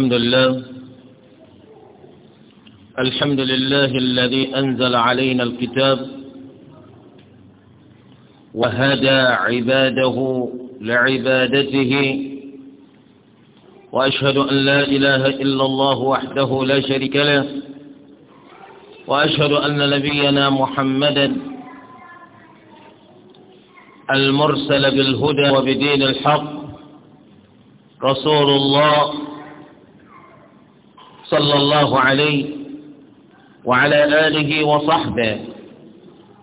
الحمد لله الحمد لله الذي أنزل علينا الكتاب وهدى عباده لعبادته وأشهد أن لا إله إلا الله وحده لا شريك له وأشهد أن نبينا محمدا المرسل بالهدى وبدين الحق رسول الله صلى الله عليه وعلى آله وصحبه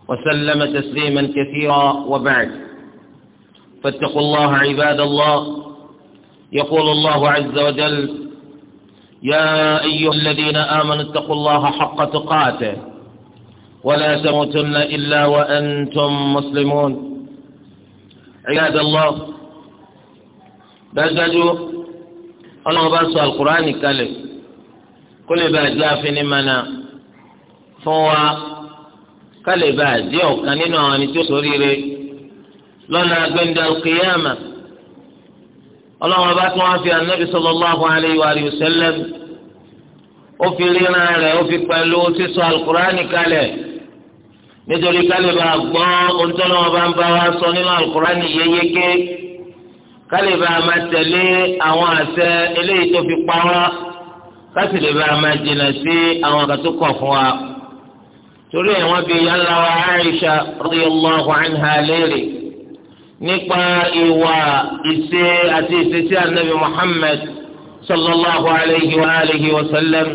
وسلم تسليما كثيرا وبعد فاتقوا الله عباد الله يقول الله عز وجل يا أيها الذين آمنوا اتقوا الله حق تقاته ولا تموتن إلا وأنتم مسلمون عباد الله dájúdájú ọlọ́run bá القرآن alukur'ani kó lè bá ìsìláàfin ní mana fún wa ká lè bá àdé ọ̀kan nínú àwọn ẹni tó ṣoríire lọ́nà agbẹ́ndà òkèèyàmà ọlọ́run bá tún wá fi ànábì sallallahu alayhi wa sallam ó fi ríran rẹ̀ ó fi pẹ̀lú sísọ alukurani kalẹ̀ nítorí kálíbà gbọ́ ohun tó bá ń bá wa sọ nínú alukurani yéyéké kálíbà máa tẹ̀lé àwọn àṣẹ eléyìí tó fi pa wá láti lè bára máa jìnnà sí àwọn kan tó kàn fún wa torí ẹ̀ wọ́n bi yàrá wa Aisha radiyallahu anha léèrè nípa ìwà ìṣe àti ìṣesí anabi Muhammad sallallahu alayhi wa alihi wa sallam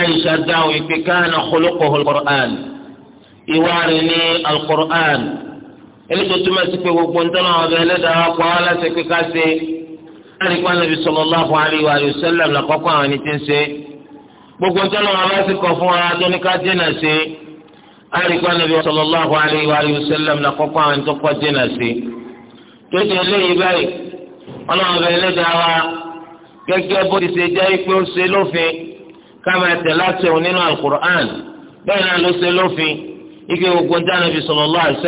Aisha dáhùn ìpè kánà khuluquhu ìwà rẹ̀ ní al-Qur'an tó túmọ̀ sí pé gbogbo ń tọ́nà ọ̀bẹ ẹlẹ́dàá wa pa á láti pé ká ṣe láti pa nàbí sallallahu alaihi wa sallam làkọ́kọ́ àwọn ẹni tí ń ṣe gbogbo ń tọ́lọ́ wọn bá ti kọ̀ fún wa tó ní ká dínà sí láti pa nàbí sallallahu alaihi wa sallam làkọ́kọ́ àwọn ẹni tó kọ́ dínà sí. tó ti eléyìí báyìí ọlọ́run bẹ ẹlẹ́dàá wa gẹ́gẹ́ bó ti ṣe jẹ́ pé ó lófin ká máa láti òun nínú alukur'an bẹ́ẹ̀ náà ló ṣe lófin ike gbogbo ń tánàbí sallallahu alaihi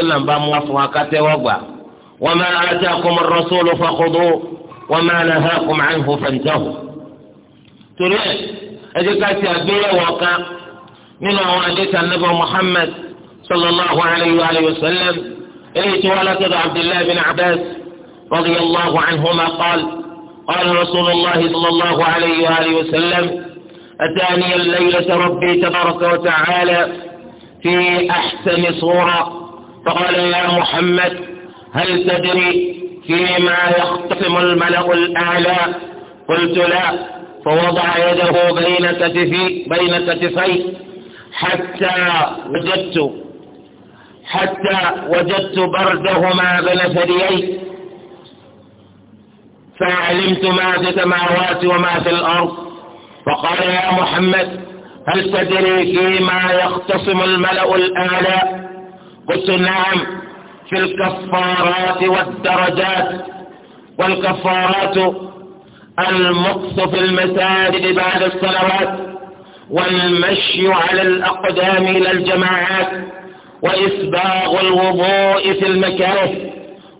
wa وما نهاكم عنه فانتهوا torí هذه كانت jẹ́ وقع من àgbéyẹ̀wò النبي محمد صلى الله عليه واله وسلم alayhi wa عبد الله بن عباس رضي الله عنهما قال قال رسول الله صلى الله عليه وآله وسلم أتاني الليلة ربي تبارك وتعالى في أحسن صورة فقال يا محمد هل تدري فيما يختصم الملأ الأعلى قلت لا فوضع يده بين كتفي بين كتفي حتى وجدت حتى وجدت بردهما بين ثديي فعلمت ما في السماوات وما في الأرض فقال يا محمد هل تدري فيما يختصم الملأ الأعلى قلت نعم في الكفارات والدرجات والكفارات المقص في المساجد بعد الصلوات والمشي على الأقدام إلى الجماعات وإسباغ الوضوء في المكاره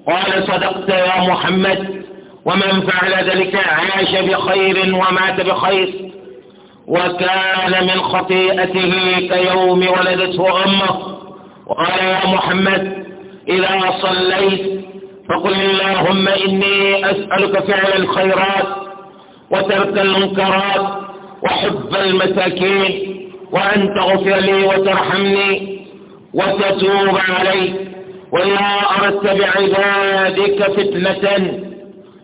قال صدقت يا محمد ومن فعل ذلك عاش بخير ومات بخير وكان من خطيئته كيوم ولدته أمه وقال يا محمد إذا صليت فقل اللهم إني أسألك فعل الخيرات وترك المنكرات وحب المساكين وأن تغفر لي وترحمني وتتوب علي وإذا أردت بعبادك فتنة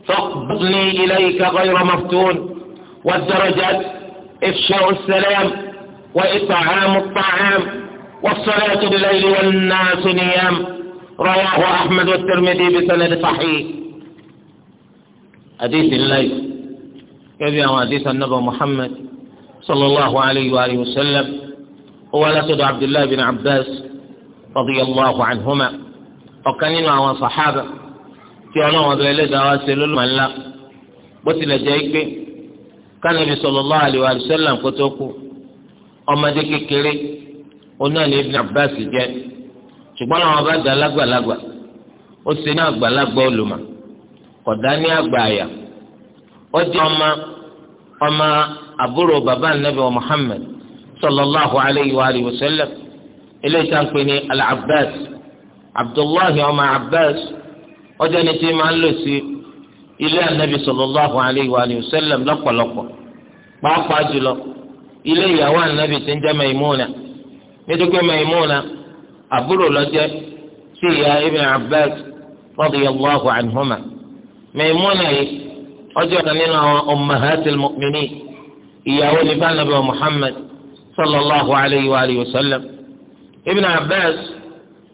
فاقبضني إليك غير مفتون والدرجات إفشاء السلام وإطعام الطعام والصلاة بالليل والناس نيام رواه أحمد والترمذي بسند صحيح حديث الليل كيف حديث النبي محمد صلى الله عليه وآله وسلم هو لسد عبد الله بن عباس رضي الله عنهما وكان مع صحابة في أنا الليل أواسل الملا بطل جايك كان النبي صلى الله عليه وآله وسلم كتوكو أما ذكي كري ابن لابن عباس جاي ṣùgbọ́n làwọn bá dá lágbàlagbà ó ṣe ní àgbàlagbà olùmọ̀ kọ̀dá ní àgbà àyà ó jẹ́ ọmọ ọmọ àbúrò bàbá anabi muhammed sallallahu alayhi wa alihi wa sallam eléyìí tá à ń pè ní al-abbas abdullahi ọmọ abbas ó jẹ́ ní tí máa ń lò sí ilé anabi sallallahu alayhi wa alihi wa sallam lọ́pọ̀lọpọ̀ pàápàá jùlọ ilé ìyàwó anabi tí ń jẹ́ maimuna nítorí pé maimuna àbúrò lọ́jẹ́ sí ìyá ibn Abbas radiyallahu anhuma Maimuna yìí ọjọ́ kan nínú àwọn ummahatil mu'minin ìyàwó ní bánabẹ́ Muhammad sallallahu alayhi wa alihi wa sallam ibn Abbas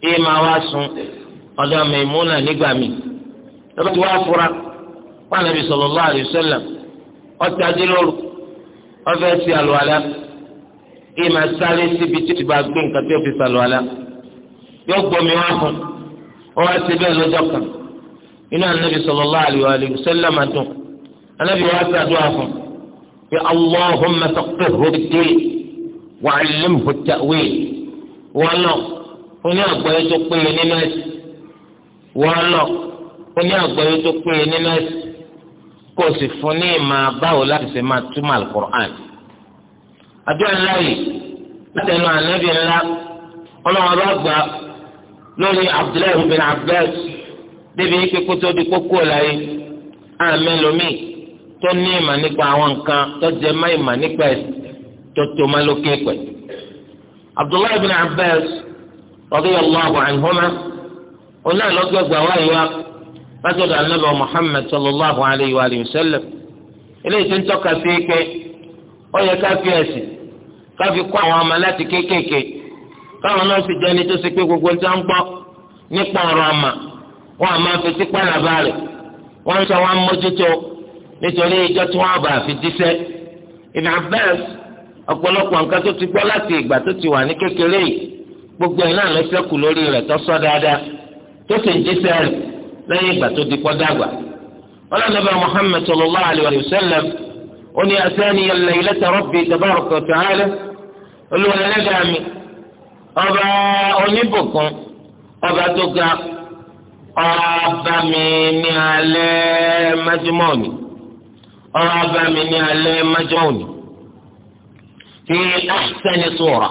ìyẹn máa wá sùn ọ̀dọ̀ Maimuna nígbà mi lọ́dọ̀ tí wàá fura bánabẹ́ sallallahu alayhi wa sallam ọtí adélóru ọfẹ́ sí àlùwalá ìyẹn sáré síbi tí bá gbé nǹkan tí fi sàlùwalá yóò gbomi wá fún wọn wá sí bẹ́ẹ̀ lọ́jọ́ kan inú anabi sallallahu alaihi wa sallam dùn anabi wá sí àdúrà fún bí allahumma faqihhu fid-din wa 'allimhu at-ta'wil wọn lọ fún ní àgbáyé tó péye nínú ẹsẹ wọn lọ fún ní àgbáyé tó péye nínú ẹsẹ kó sì fún ní ìmọ̀ báwo láti ṣe máa túmọ̀ al-Qur'an ńlá yìí látẹnu anabi ńlá ọlọ́wọ́n bá gbà lórí abdullahi bin abbas débi pé kótó di kókó láyé àmẹlòmí tó ní ìmọ̀ nípa àwọn nǹkan tó jẹ nípa tó tó má lókè abdullahi bin abbas radiyallahu anhuma oní àlọ́gbẹ̀gbà wa látọ̀dọ̀ anábọ̀ muhammad sallallahu alayhi wa sallam eléyìí tó ń tọ́ka sí pé ó yẹ ká fi fi àwọn ọmọ láti kéékèèké. káwọn náà sì ẹni tó ṣe pé gbogbo ti ń nípa ọ̀rọ̀ ọ̀mà wọn àmọ́ fetí pàlàbà wọ́n ń sọ wọn mójútó nítorí ìjọ tí bá fi díṣẹ́ Ibn Abbas ọ̀pọ̀lọpọ̀ nǹkan tó ti gbọ́ láti ìgbà tó ti wà ní kékeré yìí gbogbo ẹ̀ náà ló lórí tó sọ dáadáa tó sì ń ìgbà tó di dàgbà. Muhammad sallallahu alayhi wa sallam ó ní asẹ́niyàn lẹ́yìn rọ́bì ọba oníbùkún ọba tó ga ọba mi ní alẹ́ májúmọ́ òní ọba mi ní alẹ́ májúmọ́ òní fi ahsani sura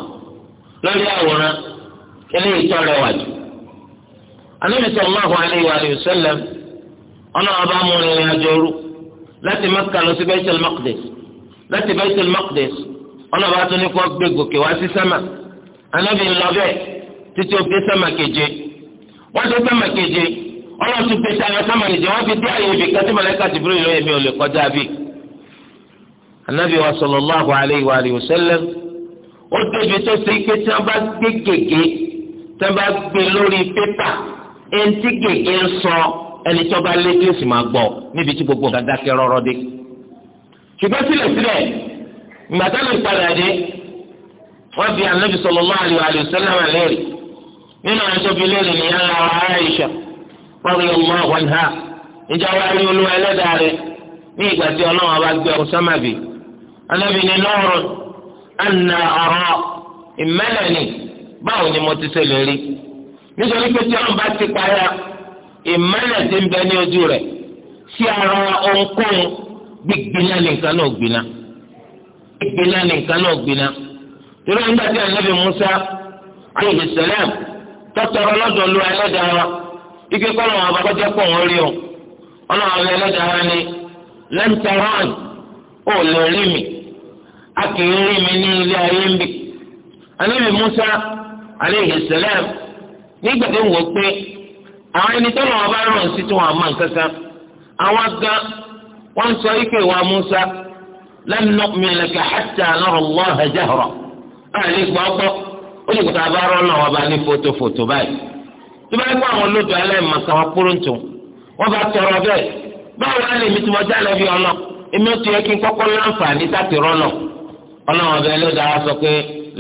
lórí àwòrán eléyìí tó rẹwà jù Ànábì sallallahu alayhi wa sallam ọlọ́wọ́ bá mú ìrìn àjò òru láti Mẹ́kà lọ sí Baitul Maqdis láti Baitul Maqdis ọlọ́wọ́ bá tún ní kó gbé gòkè wá sí sẹ́mà anabi ńlọbẹ títí o gbé sẹmà keje wọn dé sẹmà keje ọlọ́run ti gbé sẹmà sẹmà keje wọn fi dé àyè ibi kẹtí mọlẹka tìbúrò ìlú yẹn mi ò lè kọjá bí. anabi wa sallallahu alayhi wa alihi wa sallam ó débi tó ṣe pé tí wọn bá gbé gègé tí wọn bá gbé lórí pépà eŋti gègé ń sọ ẹni tí wọn bá lé kí o sì máa gbọ́ níbi tí gbogbo nǹkan dákẹ́ rọ́rọ́ dé. ṣùgbọ́n sílẹ̀sílẹ̀ ìgbà tó lè padà dé. wọ́n bi anabi sallallahu alaihi wa sallam léèrè nínú àjọ bi léèrè ní yàrá Aisha radiyallahu anha ìjà wa rí olú ẹlẹ́dàá rẹ̀ ní ìgbà tí ọlọ́run bá gbé ọ̀sán màbí anabi ní lọ́rùn anna ọ̀rọ̀ ìmẹ́lẹ̀ báwo ni mo ti ṣe lè rí nítorí pé tí wọn bá ti para ìmẹ́lẹ̀ ti ń bẹ ní ojú rẹ̀ sí ara ohunkóhun gbígbiná náà gbiná gbígbiná náà gbiná. irú ẹni gbàtí ànábì Musa alayhi salam tọ́tọ̀rọ̀ lọ́dọ̀ lu ẹlẹ́dàá wa ike kọ́ lọ́wọ́ abakọ́ jẹ́ pọ̀ wọ́n rí o ọlọ́wọ́ ẹlẹ́dàá wa ni lẹ́ńtẹ̀rán ò lè rí mi a kì í rí mi ní ilé ayé ń bì ànábì Musa alayhi salam nígbà tó ń wò pé àwọn ẹni tó lọ́wọ́ bá rọ̀ sí tí wọ́n máa ń kankan àwọn gan wọ́n sọ ike wa Musa lan nu'mina laka hatta nara Allah jahra àlè gbọ́gbọ́ ó yẹ kó tá a bá rọ́ náà wọ́n bá ní fotofoto báyìí tó bá yẹ kó àwọn olódò aláìmọ̀kan wọn kúrò ń tún wọ́n bá tọrọ bẹ́ẹ̀ báwo á lè mi tí mo jálẹ̀ bí ọ̀nà èmi ó ti yẹ kí n kọ́kọ́ láǹfààní láti rọ́ ọlọ́wọ́n bẹ́ẹ̀ ló dára sọ pé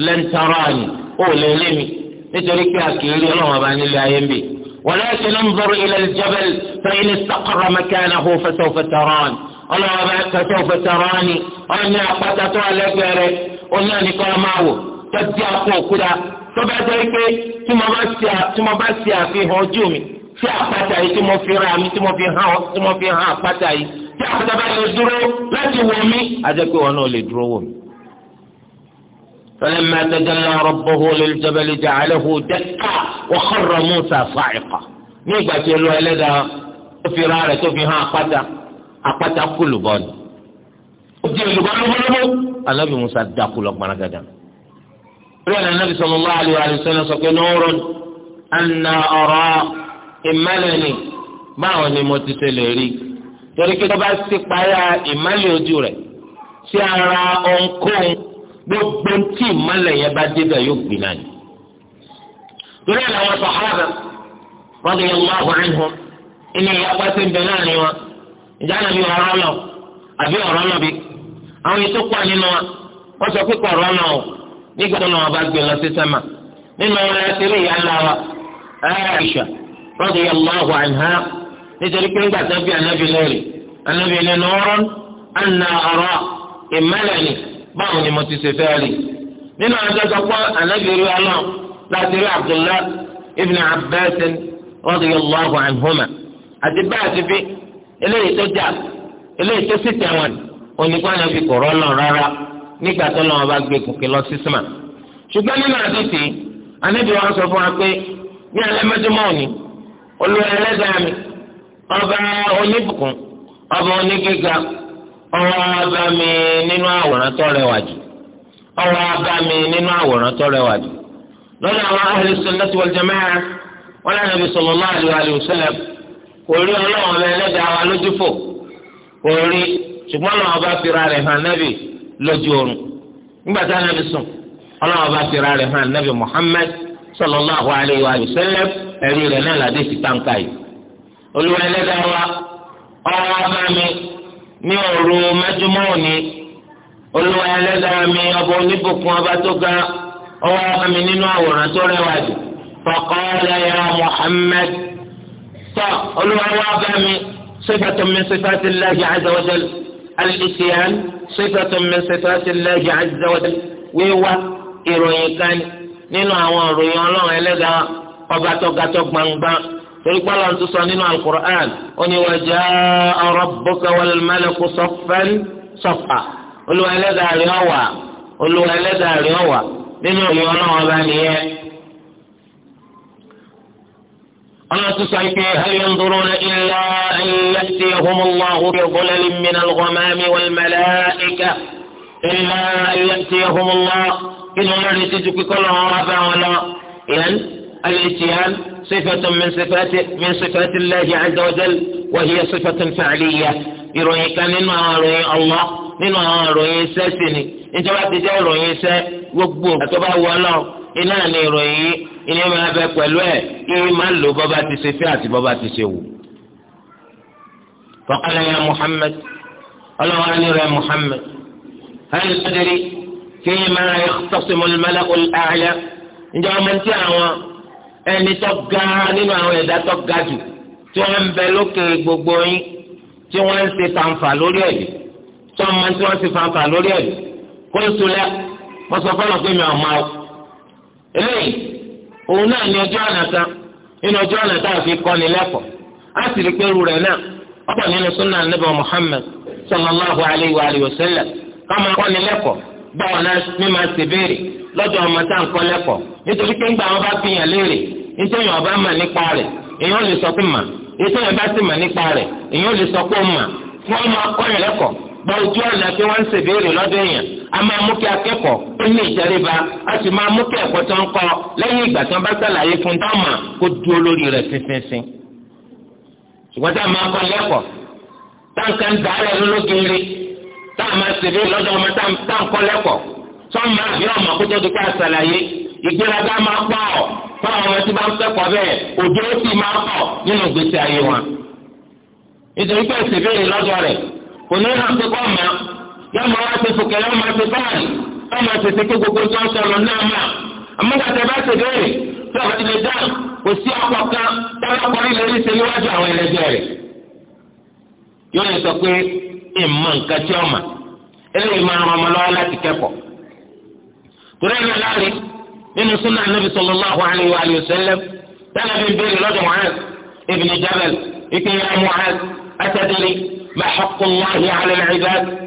lẹ́ńtọ́rọ́ àní ó lè lé mi nítorí pé àkèrè ọlọ́wọ́n bá nílé ayé ń bì ولكن انظر إلى الجبل فإن استقر مكانه فسوف تراني ọlọ́wọ́n bá فسوف تراني ọ̀nà àpàtàkùn alẹ́gbẹ̀rẹ̀ oní àníkọ́ ọ máa wò tọ́jú akọ òkúta tó bá jẹ́ pé tí mo bá ṣe àfihàn ojú mi tí àpáta yìí tí mo fi ra mi tí mo fi hàn tí mo fi hàn àpáta yìí tí àpáta bá lè dúró láti wò mí àti pé wọn náà lè dúró wò mí. فلما تجلى ربه للجبل جعله دكا وخر موسى صاعقا nígbà tí olú ẹlẹ́dàá tó fi ra rẹ̀ tó fi hàn di olùkọ́ lọ́wọ́lọ́wọ́ anabi musa dákú lọ gbọ́n gàdá. rẹ̀ ní anabi sallallahu alaihi wa sallam sọ pé nọ́ọ̀rọ̀ anna ọ̀rọ̀ ìmálẹ̀ni báwọn ni mo ti ṣe lè rí torí kí wọ́n bá ti payá ìmálẹ̀ ojú rẹ̀ sí ara ọ̀nkóhun gbogbo tí ìmálẹ̀ yẹn bá débẹ̀ yóò gbìn náà ni. torí ẹ̀ làwọn sàhábà radiyallahu anhum ilé ìyá pàṣẹ ń bẹ láàrin wọn ìjà náà ọ̀rọ̀ náà àbí ọ̀rọ̀ náà bí àwọn ètò pọ̀ nínú wa wọ́n sọ pé kọ̀ọ̀rọ̀ náà o nígbà tó náà bá gbé lọ sí sẹ́mà nínú wọn ẹ ti rí ìyá ńlá wa Aisha radiyallahu anha nítorí pé ńgbà tó bí anábì lórí anábì ní nọ́ọ̀rọ́n àná ọ̀rọ̀ ìmẹ́lẹ̀ ni báwo ni mo ti ṣe fẹ́ rí nínú àwọn tó pọ̀ anábì rí ọlọ́ láti rí Abdullah ibn Abbas radiyallahu anhuma àti bá àti bí eléyìí tó jà eléyìí onípa kwana fi kọ̀rọ̀ náà rárá nígbà tó lọ́wọ́ bá gbé kòkè lọ sí sima ṣùgbọ́n nínú àdìsí anábì wa sọ fún wa pé ní alẹ́ mẹ́tọ́mọ́ òní ẹlẹ́dàá mi ọba oníbùkún ọba onígíga ọwọ́ abá mi nínú àwòrán tó rẹwà jù ọwọ́ abá mi nínú àwòrán tó rẹwà jù lọ́dọ̀ àwọn ahli sunnah wal wọn lẹ́nu ibi kò rí ṣùgbọ́n ọlọ́run ọba fira rẹ̀ hàn nẹ́bì lójú oorun nígbà tí anabi sùn ọlọ́run ọba fira rẹ̀ hàn nẹ́bì Muhammad sallallahu alayhi wa sallam ẹ̀rí rẹ̀ náà ládé sí táǹkà yìí. olúwa ẹlẹ́dàá wa ọwọ́ bá mi ní òru mẹ́júmọ́ òní olúwa ẹlẹ́dàá mi ọba oníbùkún ọba tó ga ọwọ́ mi nínú àwòrán tó rẹwà jù faqala ya Muhammad tọ́ olúwa wa bá mi sifatan min sifatillahi azza alìsíyàn sífẹ̀tún mi sífẹ̀tún lẹ́yìn àjẹwọ́dẹ wíwá ìròyìn kan nínú àwọn ìròyìn ọlọ́run ẹlẹ́dàá ọba tọ́gatọ́ gbangba torí pé ọlọ́run tún sọ nínú alukur'an ó ní wàjà ọ̀rọ̀ bókẹ́wọ́lì mẹ́lẹ́kù sọ́fẹ́n sọ́fà olùwà ẹlẹ́dàá rí ọ̀wà olùwà ẹlẹ́dàá rí ọ̀wà nínú ìròyìn ọlọ́run ọba nìyẹn. أما تسعي هل ينظرون إلا أن يأتيهم الله بظلل من الغمام والملائكة إلا أن يأتيهم الله إن لا نسيتك كل عرفا ولا إذن الإتيان صفة من صفات من صفات الله عز وجل وهي صفة فعلية يرويك من روي الله من روي سسني إن جواب تجاه روي سس وقبول أتبع ولا iná ni ìròyìn yìí ilé máa bẹ pẹ̀lú ẹ̀ yìí máa lò bọ́ba ti ṣe fẹ́ àti bọ́ba ti ṣe wù. faqala ya Muhammad ọlọ́wọ́ ni rẹ̀ Muhammad hal tadri fima yakhtasimu al-mala'u al-a'la ǹjẹ́ ọmọ tí àwọn ẹni tó ga nínú àwọn ẹ̀dá tó ga jù tí wọ́n ń bẹ lókè gbogbo yín tí wọ́n ń ṣe fanfa lórí ẹ̀dì tí wọ́n ń ṣe fanfa lórí ẹ̀dì kó ń sulẹ̀ mọ́sọ̀fọ́nà pé mi ò máa wò. eléyìí òun náà ní ọjọ́ ọ̀nà nínú ọjọ́ a ni lẹ́kọ̀ọ́ á sì rí pé irú rẹ̀ náà ọ̀pọ̀ nínú sunnah níbà Muhammad sallallahu alayhi wa alihi wa sallam káma ni lẹ́kọ̀ọ́ báwọn náà mi máa ṣe béèrè ọmọ tá à ń kọ́ lẹ́kọ̀ọ́ nítorí pé ńgbà wọn bá fi yàn léèrè nítorí wọn bá mà nípa rẹ̀ èèyàn lè sọ pé mà bá sì mà nípa gba a máa mú kí akẹ́kọ̀ọ́ ó ní ìtẹríba a sì máa mú kí ẹ̀kọ́ tó ń kọ́ lẹ́yìn ìgbà tí wọ́n bá sàlàyé fún dáhùnmá kó dúró lórí rẹ̀ sísinsin. ṣùgbọ́n tá a máa kọ́ lẹ́kọ̀ọ́ táǹkà ń dàárẹ̀ lólógiri tá a máa ṣèlú lọ́dọ̀ ọmọ táǹkọ́ lẹ́kọ̀ọ́ sọ́ọ̀mù àbí ọmọ kó tó dùkẹ́ àṣàlàyé ìgbéraga máa pọ̀ fáwọn ọmọ tí bá ń kẹ́kọ̀ọ́ bẹ́ẹ̀ òjò ó sì máa pọ̀ nínú ìgbésí ayé wọn. nítorí pé ìṣèbéèrè lọ́dọ̀ rẹ̀ kò ní hàn pé kọ́ ọ̀ma yọmọ wa ti fòkè yọmọ ti báyìí yọmọ ti ti kí gbogbo tó ń sọ̀rọ̀ náà mà amúgbàtà bá ti bèrè tí ọ̀rọ̀ ilẹ̀ dá kò sí ọkọ̀ kan tọ́lọ́kọ̀rin lè rí sẹ́yìn wájú àwọn ẹlẹ́jẹ̀ rẹ̀ yóò lè sọ pé ìmọ̀ nǹkan tí ọmọ eléyìí máa ràn ọmọ lọ́wọ́ láti kẹ́kọ̀ọ́ torí ẹ̀rọ láàrin nínú súnà anábì sallallahu alaihi wa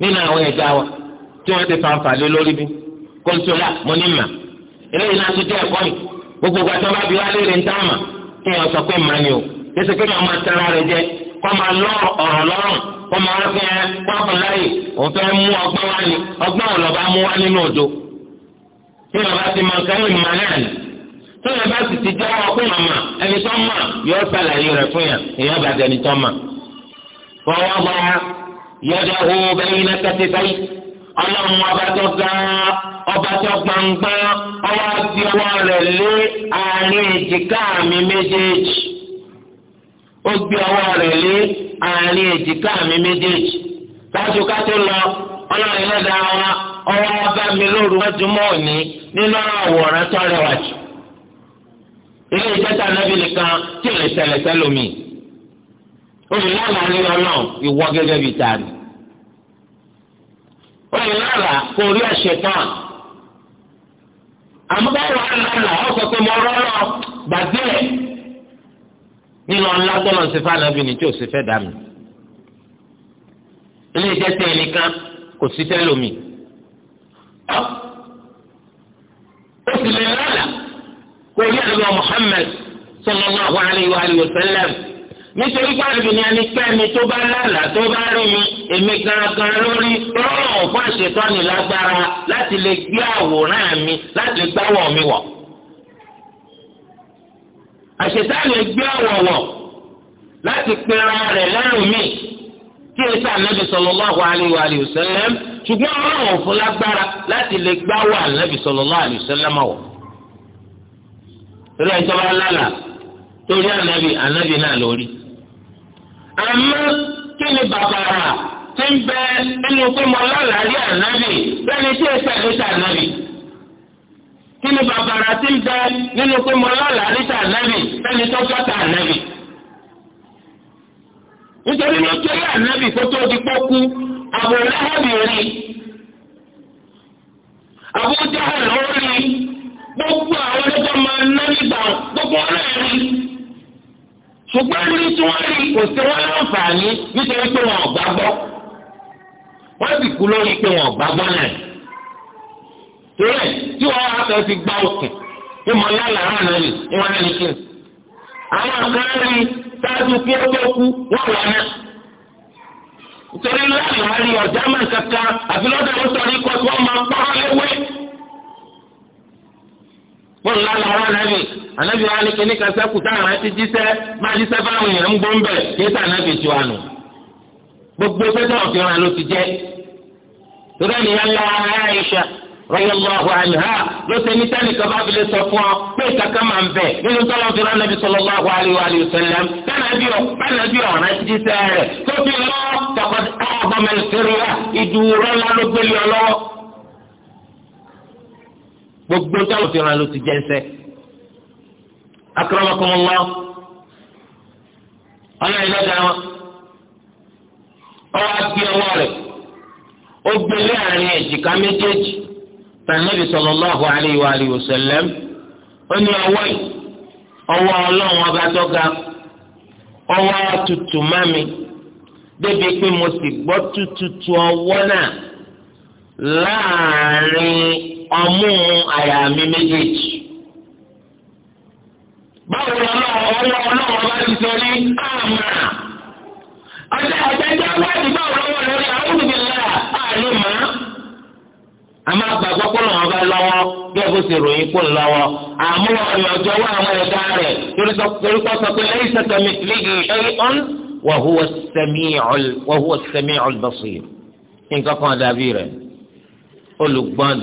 nínú àwọn ẹja wa tí wọ́n ti fanfà lé lórí bí kọ́ńtólà mọ́nímà eléyìí náà tún jẹ́ ẹ̀kọ́ yìí gbogbo ìgbà tó bá bí wá léèrè ń tá àmà kí wọ́n sọ pé màá ni o yẹsẹ pé màá máa tẹ́ra rẹ jẹ kọ́ máa lọ ọ̀rọ̀ lọ́rùn kọ́ máa rẹ́ fẹ́ pọ́ọ̀pù láyè òun fẹ́ mú ọgbọ́n wá ní ọgbọ́n ò lọ́ba mú wá nínú òdo tí bàbá ti máa kẹ́rin ìmọ̀ náà ni tí bàbá sì ti jẹ́ ọkọ́ màmá ẹni tó mà yọ ṣàlàyé rẹ̀ fún yàn èèyàn bàjẹ́ ẹni tó mà. fọwọ́ bá yadahu bayna katifai ọlọ́run ọba tó ga ọba tó gbangba ọwọ́ àti ọwọ́ rẹ̀ lé àárín èjìká mi méjèèjì ó gbé ọwọ́ rẹ̀ lé àárín èjìká mi méjèèjì láti ká tó lọ ọlọ́run ẹlẹ́dàá wa ọwọ́ ọba mi lóru wájú mọ́ òní nínú àwòrán tó rẹwà ilé ìjẹta nàbí nìkan tí ò lè ṣẹlẹ̀ sẹ́lómi olùlànà ni ọlọ́run ìwọ gẹ́gẹ́ bíi tani olùlànà kò rí ẹ̀ṣẹ̀ tán àmúgbáwò àlànà ọ̀sọ̀ pé mo rọ́rọ́ gbàgbé ẹ̀ nínú ọ̀la tọ́lọ̀ ń sefa nàbì ní tí ò ṣe fẹ́ dà mí ilé iṣẹ́ tẹ ẹnìkan kò sí fẹ́ lómi ó sì lè lọ́la kò rí àlọ́ Muhammad sallallahu alaihi wa sallam nítorí pàdébí ni ẹnikẹ́ni tó bá lálà tó bá rí mi èmi gangan lórí rọrùn fún àṣetọ́ni lágbára láti lè gbé àwòrán mi láti lè gbáwọ̀ mi wọ̀. àṣetọ́ni gbé àwọ̀wọ̀ láti pera rẹ̀ lẹ́rù mi tí ẹ sá ànábì sallallahu alaihi wa alihi wasallam ṣùgbọ́n rọrùn fún lágbára láti lè gbáwọ̀ ànábì sallallahu alaihi wasallam wọ̀. torí ẹjọ́ bá lálà torí ànábì ànábì náà lórí. àmọ́ kí ni ti ń bẹ nínú pé mo lálàá rí ànábì lẹ́ni tí èsì àdéṣà ànábì kí ni bàbàrà ti ń bẹ nínú pé mo lálàá rí ànábì lẹ́ni tó jọ́ta ànábì nítorí ló kéré ànábì kó tó di pọ́kú rí gbogbo àwọn máa ná nígbà gbogbo ṣùgbọ́n rí tí wọ́n rí kò sí wọn láǹfààní nítorí pé wọn ò gbàgbọ́ wọ́n sì kú lórí pé wọn ò gbàgbọ́ náà torí ẹ̀ tí wọ́n wá sọ ti gba òkè ní mọ̀lẹ́lá hàn náà ní wọ́n náà ní kí ni. àwọn kan rí sáájú kí ó tó kú wọ́n wà náà nítorí láàyè wá rí ọ̀já máa ń kankan àfi lọ́dọ̀ ó sọ ní kọ́tù wọn pọ́n lẹ́wẹ́. wọ́n lálẹ́ wọn náà anabi wa ni kíní kan sẹ́kù táwọn ẹtí jíṣẹ́ máa jíṣẹ́ fáwọn èèyàn ń gbó ń bẹ̀ kí tá anabi tí wa nù gbogbo sẹ́tọ̀ ọ̀fìnrin ló ti jẹ́ torí ènìyàn lọ Aisha radiyallahu anha ló ṣe ní sẹ́nìkan fi lè sọ fún ọ pé ìkàkà máa ń bẹ̀ nínú tọ́lọ́ fi rán nàbí sallallahu alaihi wa sallam tánàbí ọ̀ràn jíṣẹ́ rẹ̀ tó fi lọ́ tọkọ ọgbọmọlẹ sẹ́ríà ìdúró ńlá ló gbélé ọ lọ́wọ́ gbogbo sẹ́wọ̀n fi ló ti jẹ́ sẹ́ẹ́ akramakumullah ọlọ́run ìlọ́jà wọn ọwọ́ àti ọwọ́ rẹ̀ ó gbé láàrin èjìká méjèèjì tànàbì sallallahu alayhi wa alihi wa sallam ó ní ọwọ́ yìí ọwọ́ ọlọ́run ọba tó ga ọwọ́ tutù má débi pé mo sì gbọ́ tututu ọwọ́ náà láàrin ọmú àyà mi méjèèjì báwo ni ọlọ́wọ́ ọwọ́ ọlọ́wọ́ bá ti sọ ní àmà ọjọ́ àtẹ́jọ́ wáyé báwo lọ́wọ́ lórí àwọn ìbílẹ̀ àlè mọ́ àmọ́ àgbàgbọ́ pọ̀ náà bá lọ́wọ́ bí ẹ kó ṣe ròyìn pọ̀ lọ́wọ́ àmúlò ọ̀yọ̀jọ́ wá àwọn ẹ̀dá rẹ̀ torí kọ́ sọ pé lẹ́yìn sẹ́tọ̀ mi lẹ́yìn ẹ̀yìn ọ̀n wa huwa as nǹkan kan dàbí rẹ̀ olùgbọ́n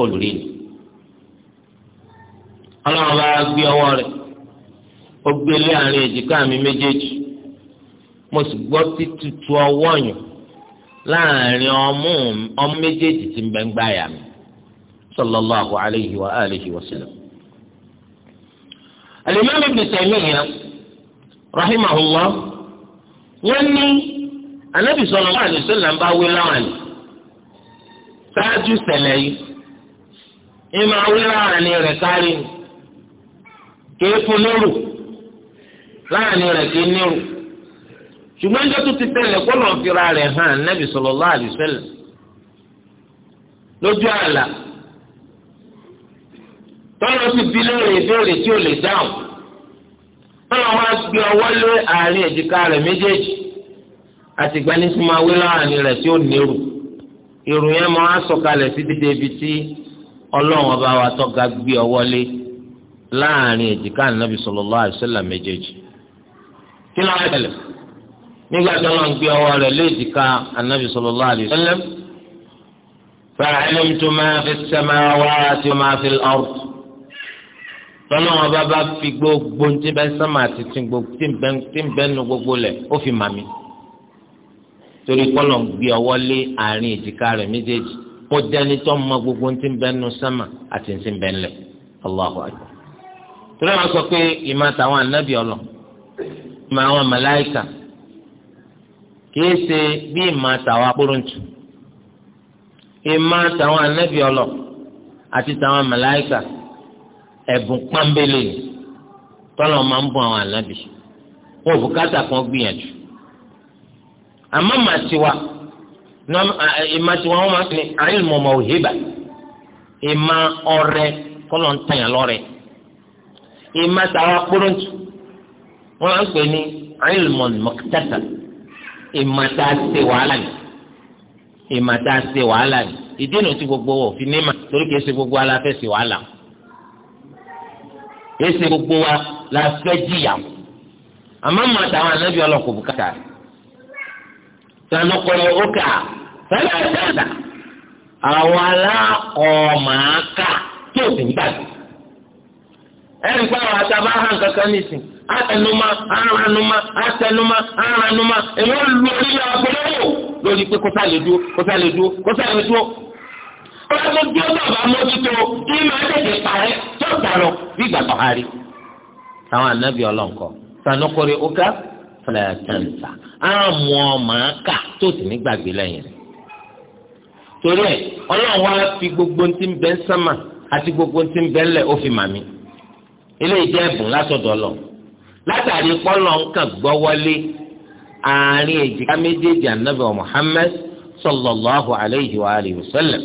olùrí ọlọ́run bá gbé ọwọ́ rẹ̀ ó gbé lé àárín èjìká mi méjèèjì mo sì gbọ́ títútù ọwọ́ yàn láàrin ọmú méjèèjì tí ń bẹ ń gbáyà mi sallallahu alayhi wa alihi wa sallam. alimami ibn rahimahullah wọ́n ní anabi bá wí láwọn ni ṣáájú ṣẹlẹ̀ yìí kìí fún nírù láàrin rẹ̀ kìí nírù ṣùgbọ́n ní tó ti tẹ̀lé kó lọ́n fira rẹ̀ hàn nẹ́bí sallallahu alaihi wasallam lójú àlà tọ́lọ́ ti bí lóore ìbéèrè tí ò lè dáhùn tọ́lọ́ wá gbé ọwọ́ lé àárín èjìká rẹ̀ méjèèjì àtìgbà ní láàrin rẹ̀ tí ó nírù ìrù yẹn máa sọ̀kalẹ̀ sí dídé tí ọlọ́run ọba wa tọ́ga gbé ọwọ́ lé láàrin èjìká ànábì sallallahu alaihi wasallam méjèèjì kí ló wá tẹlẹ nígbà tí wọn gbé ọwọ́ rẹ̀ lé èjìká ànábì sallallahu alaihi wasallam fa'alimtu ma fi as-samawati wa ma fi al-ard tọ́lá wọn bá bá fi gbogbo tí bẹ́ẹ̀ sánmà àti tí ń bẹ́ẹ̀ nu gbogbo lẹ̀ ó fi mà mí torí kọ́lọ̀ ń gbé ọwọ́ lé àárín èjìká rẹ̀ méjèèjì mo jẹ́ni tó mọ gbogbo tí ń bẹ́ẹ̀ àti tí ń bẹ́ẹ̀ lẹ̀ Allahu torí àwọn sọ pé ìmọ̀ àtàwọn ànábì ọlọ ìmọ̀ àwọn màláìkà kìí ṣe bí ìmọ̀ àtàwọn akpọ̀rọ̀ǹtù ìmọ̀ àtàwọn ànábì ọlọ àti tàwọn màláìkà ẹ̀bùn pọ́nbélé tọ́lọ̀ máa ń bọ̀ àwọn ànábì wọn ò bùkátà kan gbìyànjú àmọ́ màtiwa ìmàtiwa wọn máa ń pè àìlùmọ̀mọ̀ òhìbà ìmọ̀ ọrẹ kọ́lọ̀ ń tàn lọ́rẹ̀ẹ́ ìmọ̀ tàwa kúròǹtù wọ́n máa ń pè ní ilmon mọ̀kítàtà ìmọ̀ tá a ṣe wàhálà ni ìmọ̀ tá a ṣe wàhálà ni ìdí nu ti gbogbo wọ̀ fi ní ma torí kìí ṣe gbogbo wa la fẹ́ ṣe wàhálà kìí ṣe gbogbo wa la fẹ́ jìyà àmọ́ mọ̀ tàwa anábì ọlọ́kọ̀ bùkátà sanukọ̀rọ̀ ókà fẹ́lẹ́ sẹ́dà àwọn alákọ̀ọ́ màá kà tó sì ń gbàgbé. ẹnì pé àwọn àtàbà hàn kankan nìsín àtẹnumá aranumá àtẹnumá aranumá èmi ò lu orí yàrá gbọdọ lórí pé kó sálẹ dúró kó sálẹ dúró kó sálẹ dúró kọ́lá tó dúró bàbá mójútó kí máa tètè parẹ́ tó dànù bí gbàgbọ́ harí. nkọ. ànábì ọlọ́nkọ sanukori oka àmú ọmọ tó sì lẹ́yìn rẹ̀. torí ẹ ọlọ́run wa gbogbo ń bẹ́ sánmà àti gbogbo ń bẹ́ lẹ̀ ó eléyìí jẹ́ ẹ̀bùn látọ̀dọ̀ lọ látàrí pọ́lọ̀ nǹkan gbọ́wọ́lé àárín èjìká méjèèjì ànábì Muhammad sallallahu alayhi wa alihi wa sallam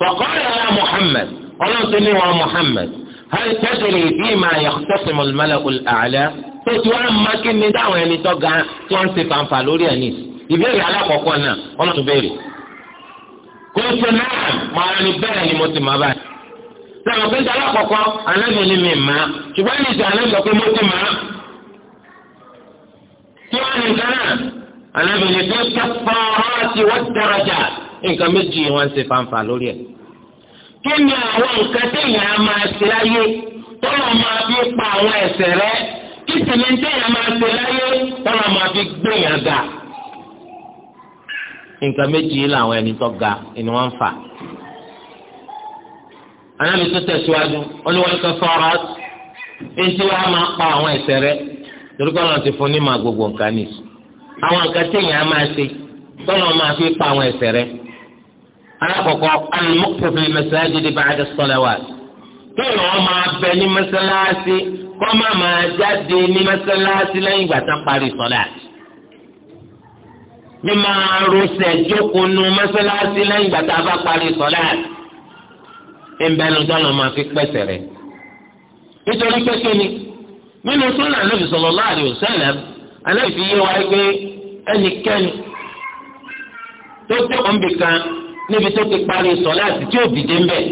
faqala ya Muhammad ọlọ́sìn ní wa Muhammad hal tadri fima yaqtasimu al-malaku al-a'la tó tí wọ́n á má kí ni dáhùn ẹni tó ga tí wọ́n ń ṣe fanfa lórí ẹ̀ ìbéèrè alákọ̀ọ́kọ́ náà ọlọ́sìn béèrè kó o náà máa ní bẹ́ẹ̀ ni mo ti máa báyìí sọ̀rọ̀ pé ìjà alákọ̀ọ́kọ́ anábì ni mi mà ṣùgbọ́n ní ìjà anábì ọ̀pẹ mo ti mà á. tí wọ́n ní nǹkan náà anábì ni tó kẹfọ́ ọ́rọ́ ti wọ́n daraja nǹkan méjì wọn ṣe fanfa lórí ẹ̀. kí ni àwọn nǹkan téèyàn á máa ṣe láyé tọ́lọ̀ máa fi pa àwọn ẹ̀ṣẹ̀ rẹ kí sì ni téèyàn máa ṣe láyé tọ́lọ̀ máa fi gbéyàn ga. nǹkan méjì làwọn ẹni tó ga ni wọ́n fà anábì tó tẹ̀síwájú wọn ni wọn kọ fọ́ọ̀rọ̀ ẹtí wọn máa pa àwọn ẹ̀ṣẹ̀ rẹ torí kọ́ lọ́n ti fún ní ma gbogbo nǹkan ní àwọn nǹkan téèyàn á máa ṣe tọ́lọ́ máa fi pa àwọn ẹ̀ṣẹ̀ rẹ alákọ̀ọ́kọ́ alimọ́kùnfin mẹsàájì di bá adé sọ́lẹ̀ wá tọ́lọ́ máa bẹ ní mẹsàlásì kọ́ máa máa jáde ní mẹsàlásì lẹ́yìn ìgbà tán parí sọ́lẹ̀ àti mímọ arosẹ jókòó nu mẹsàlásì lẹ́yìn ìgbà tá a bá parí sọlá ńbẹ́nu tọ́nà máa fi pẹ́sẹ̀ rẹ̀ nítorí pẹ́sẹ̀ ni nínú sọ́nà ànábì sallallahu alaihi wasallam ànábì fi yé wa pé ẹnikẹ́ni tó tó ọ̀nbì kan níbi tó ti parí sọ̀lá àti tí ò dìde ńbẹ̀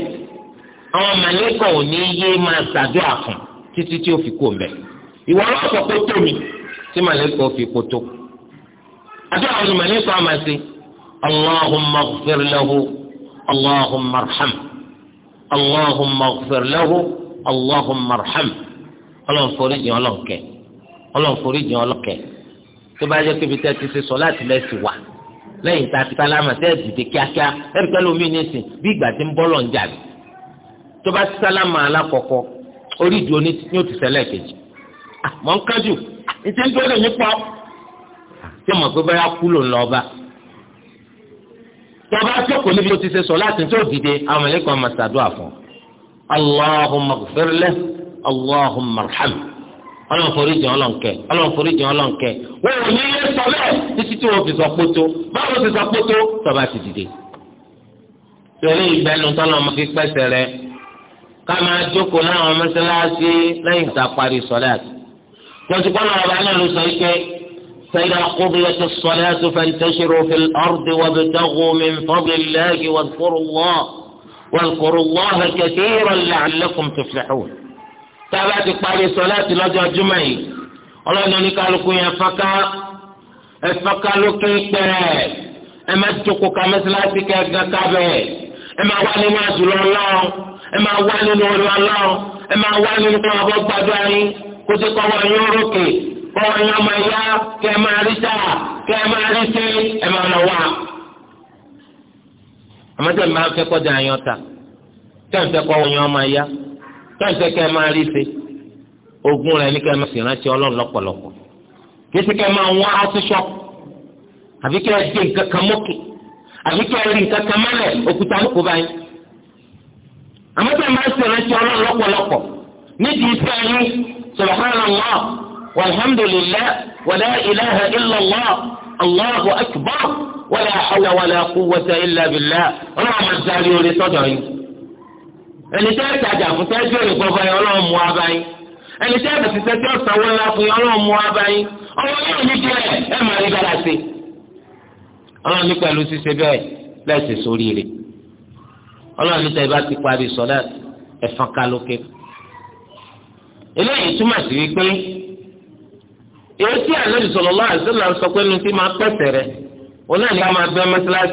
àwọn màlẹ́kọ̀ ò ní yé máa ṣàdúrà fún títí tí ó fi kú ńbẹ̀ ìwọ ọlọ́sọ̀ pé tó mi tí màlẹ́kọ̀ fi kú tó àdúrà wọn ni màlẹ́kọ̀ Allahumma ighfir Allahumma arhamhu allahumma ighfir lahu allahumma arham ọlọ́run foríjìn ọlọ́nkẹ́ ọlọ́run foríjìn ọlọ́kẹ́ tó bá yẹ kébi tẹ́ ti ṣe sọ láti lẹ́ sí wa lẹ́yìn tá a ti sálámà tẹ́ dìde kíákíá ẹ̀rí pẹ́ lómi ní ìsìn bí ìgbà tí ń bọ́ lọ́n jà ní tó bá sálámà alákọ̀ọ́kọ́ orí ìdúró ní yóò ti ṣẹlẹ̀ kejì ah, mọ̀ ń kájú ìṣe ń gbọ́dọ̀ nípa ah, tí mo gbé bá yá kú ló ń lọ bá tọba jókòó níbi tó ti ṣe sọ láti tó dìde àwọn mẹlẹkọ máa ṣàdúrà fún Allahumma ghfirle Allahumma arham Ọlọ́run forí jìn Ọlọ́run kẹ́ Ọlọ́run forí jìn Ọlọ́run kẹ́ wọn ò ní ilé sọ bẹ́ẹ̀ títí tí wọn fi sọ kótó báwo ti sọ kótó tọba ti dìde. torí ìbẹnu tọ́lọ́ máa fi pẹ́sẹ̀ rẹ ká máa jókòó láwọn mọ́sálásí lẹ́yìn tá a parí sọ́lá àti. lọ́sibọ́n náà ọba náà ló sọ فإذا قضيت الصلاة فانتشروا في الأرض وابتغوا من فضل الله واذكروا الله واذكروا الله كثيرا لعلكم تفلحون تابعت قال صلاة لجا جمعي الله نوني قالكم يا فكا فكا لكيك أما تكوك مثلاتك كابي أما واني ما زلو الله أما واني نور الله أما واني الله بابا داني كتك وانيوركي ọ̀rọ̀ yẹn kẹ́ máa rí sáà kẹ́ máa rí sí ẹ máa lọ wá. àmọ́tẹ́ mi máa ń fẹ́ kọjá yan ta tẹ́ ń fẹ́ kọ́ ọ̀rọ̀ máa yá ń fẹ́ kẹ́ máa rí sí rẹ̀ ní kẹ́ máa rántí ọlọ́run lọ́pọ̀lọpọ̀ kẹ́ máa wá àbí kẹ́ ẹ dé nǹkan kan mọ́kì àbí kẹ́ ẹ rí walhamdulilah wala ilaha illallah allahu akbar wala hawla wala quwwata illa billah ọlọ́run máa darí orí sọ́dọ̀ yìí ẹni tẹ́ tajà fún tẹ́ jẹ́rìí gbọ́gbọ́ yẹn ọlọ́run mú abá yín ẹni tẹ́ bẹ̀sẹ̀ tẹ́ tẹ́ ọ̀sánwó ńlá fún yín ọlọ́run mú abá yín ọlọ́run yóò ní jẹ́ ẹ̀ máa rí dára sí i ọlọ́run ní pẹ̀lú ṣíṣe bẹ́ẹ̀ lẹ́sẹ̀ sórí rẹ̀ ọlọ́run ní tẹ̀bá ti parí sọ́lá ẹ̀fọn ká lókè. eléyìí túmọ̀ sí wípé èyí ànábì sallallahu alaihi wasallam sọ pé ti máa pẹ̀sẹ̀ rẹ̀ òun náà ní máa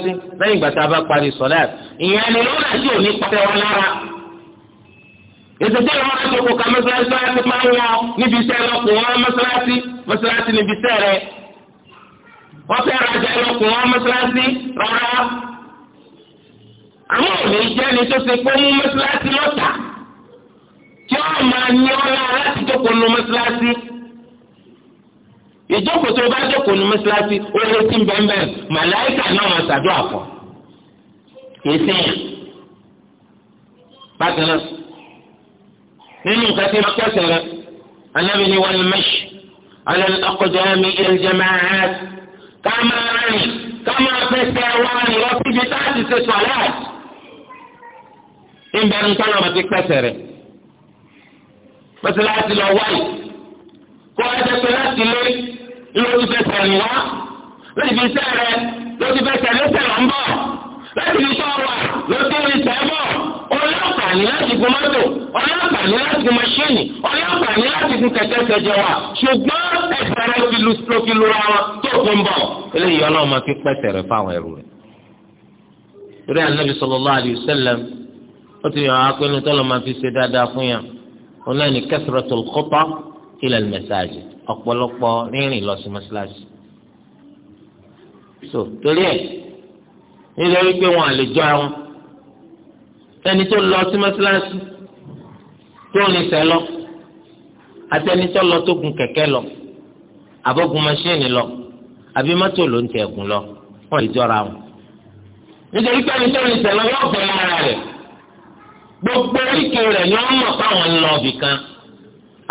bẹ a bá parí ìyẹn ni ò ní wọn lára. kò ka mọ́sálásí wá máa wọ níbi iṣẹ́ lọ́kùn wọn mọ́sálásí mọ́sálásí níbi iṣẹ́ rẹ̀. wọ́n fẹ́ rajà lọ́kùn wọn mọ́sálásí rárá. àwọn òní jẹ́ ni tó ṣe pé mú mọ́sálásí tí máa ní ìjókòó tó o bá jókòó ní mọ́ṣáláṣí ó lé sí bẹ́ẹ̀bẹ́ẹ̀ màláìkà náà wọn ṣàdúrà fún kìí sẹ́yìn. bákan náà nínú nǹkan tí wọ́n kẹ́sẹ̀ rẹ̀ anábì ni màláìkà náà mẹ́ṣì alẹ́ ọkọ̀jọ́ mi ẹ̀jẹ̀ máa rẹ̀ ká máa rìn ká máa fẹsẹ̀ wá lọ síbi táàtì ṣe sọ̀láàt. ìbẹ̀rù nǹkan náà wọ́n ti kẹ́sẹ̀ rẹ̀ mọ́ṣáláṣí lọ se wa lo sibi kó ẹ̀jẹ̀ pẹ̀lú àtìlẹ́yìn. ló ti fẹsẹ̀ rìn wá láti fi iṣẹ́ rẹ ló ti fẹsẹ̀ lẹ́sẹ̀ lọ ń bọ̀ láti fi iṣẹ́ wà ló ti rí iṣẹ́ bọ̀ ọlọ́pàá láti gun mọ́tò ọlọ́pàá láti gun maṣíìnì ọlọ́pàá láti gun kẹ̀kẹ́ sẹ̀jẹ̀ wà ṣùgbọ́n ẹ̀sẹ̀ rẹ fi lu ló fi lura wọn tó fi ń bọ̀ eléyìí ọlọ́run máa fi pẹ́sẹ̀ rẹ fáwọn ẹrù rẹ̀ torí ànábì sallallahu alayhi wa sallam ó ti yàn ápinnu tọ́lọ́ máa fi ṣe dáadáa fún yàn ọ̀nà ní kasratul khata ila al ọ̀pọ̀lọpọ̀ rírìn lọ sí mọ́ṣáláṣí. so torí ẹ̀ nítorí pé wọn àlè jọ àwọn ẹni tó lọ sí mọ́ṣáláṣí tó ní sẹ́lọ́ àtẹni tó lọ tó gun kẹ̀kẹ́ lọ àbọ̀gun mọ́ṣíìnì lọ àbí mọ́tò ló ń tẹ̀ ẹ̀gùn lọ wọn lè jọra wọn. nítorí pé ẹni tó ní sẹ́lọ́ yóò bẹ̀rẹ̀ ara rẹ̀ gbogbo oríkèé rẹ̀ ni wọ́n mọ̀ fáwọn ńlọ kan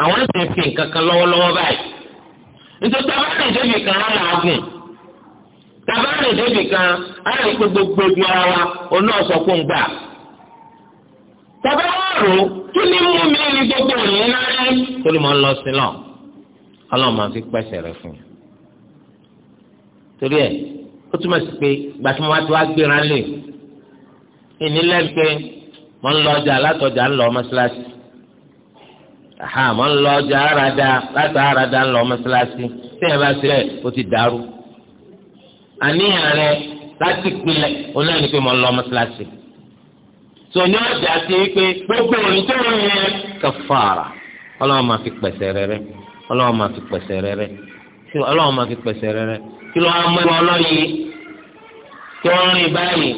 àwọn ẹsẹ̀ fi nǹkan kan lọ́wọ́lọ́wọ́ báyìí nítorí tabarin débi kan á máa gùn tabarin débi kan á lè pe gbogbo ogun ara wa oná ọ̀sọ̀ kó ń gbà. tabarò kí ni mú mi ní gbogbo òní náírà torí mo ń lọ sí náà ọlọ́run máa fi pẹ́sẹ̀ rẹ fún yẹn. torí ẹ ó túmọ̀ sí pé ìgbà tí mo wá ti wá gbéra lè ìnílẹ̀ pé mo ń lọ ọjà látọjà ń lọ mọ́ṣáláṣí àmọ́ ń lọ ọjà àràdà láti àràdà ń lọ mọ́sálásí tí ẹ bá sílẹ̀ ti dàrú. àníyàn rẹ láti pé mo ń lọ mọ́sálásí. ọjà ti pé gbogbo òní tó máa fi pẹ̀sẹ̀ rẹ rẹ ọlọ́run máa fi pẹ̀sẹ̀ rẹ rẹ ọlọ́run máa fi pẹ̀sẹ̀ rẹ rẹ kí ló mú ẹrọ ọlọ́yin tó ń rìn báyìí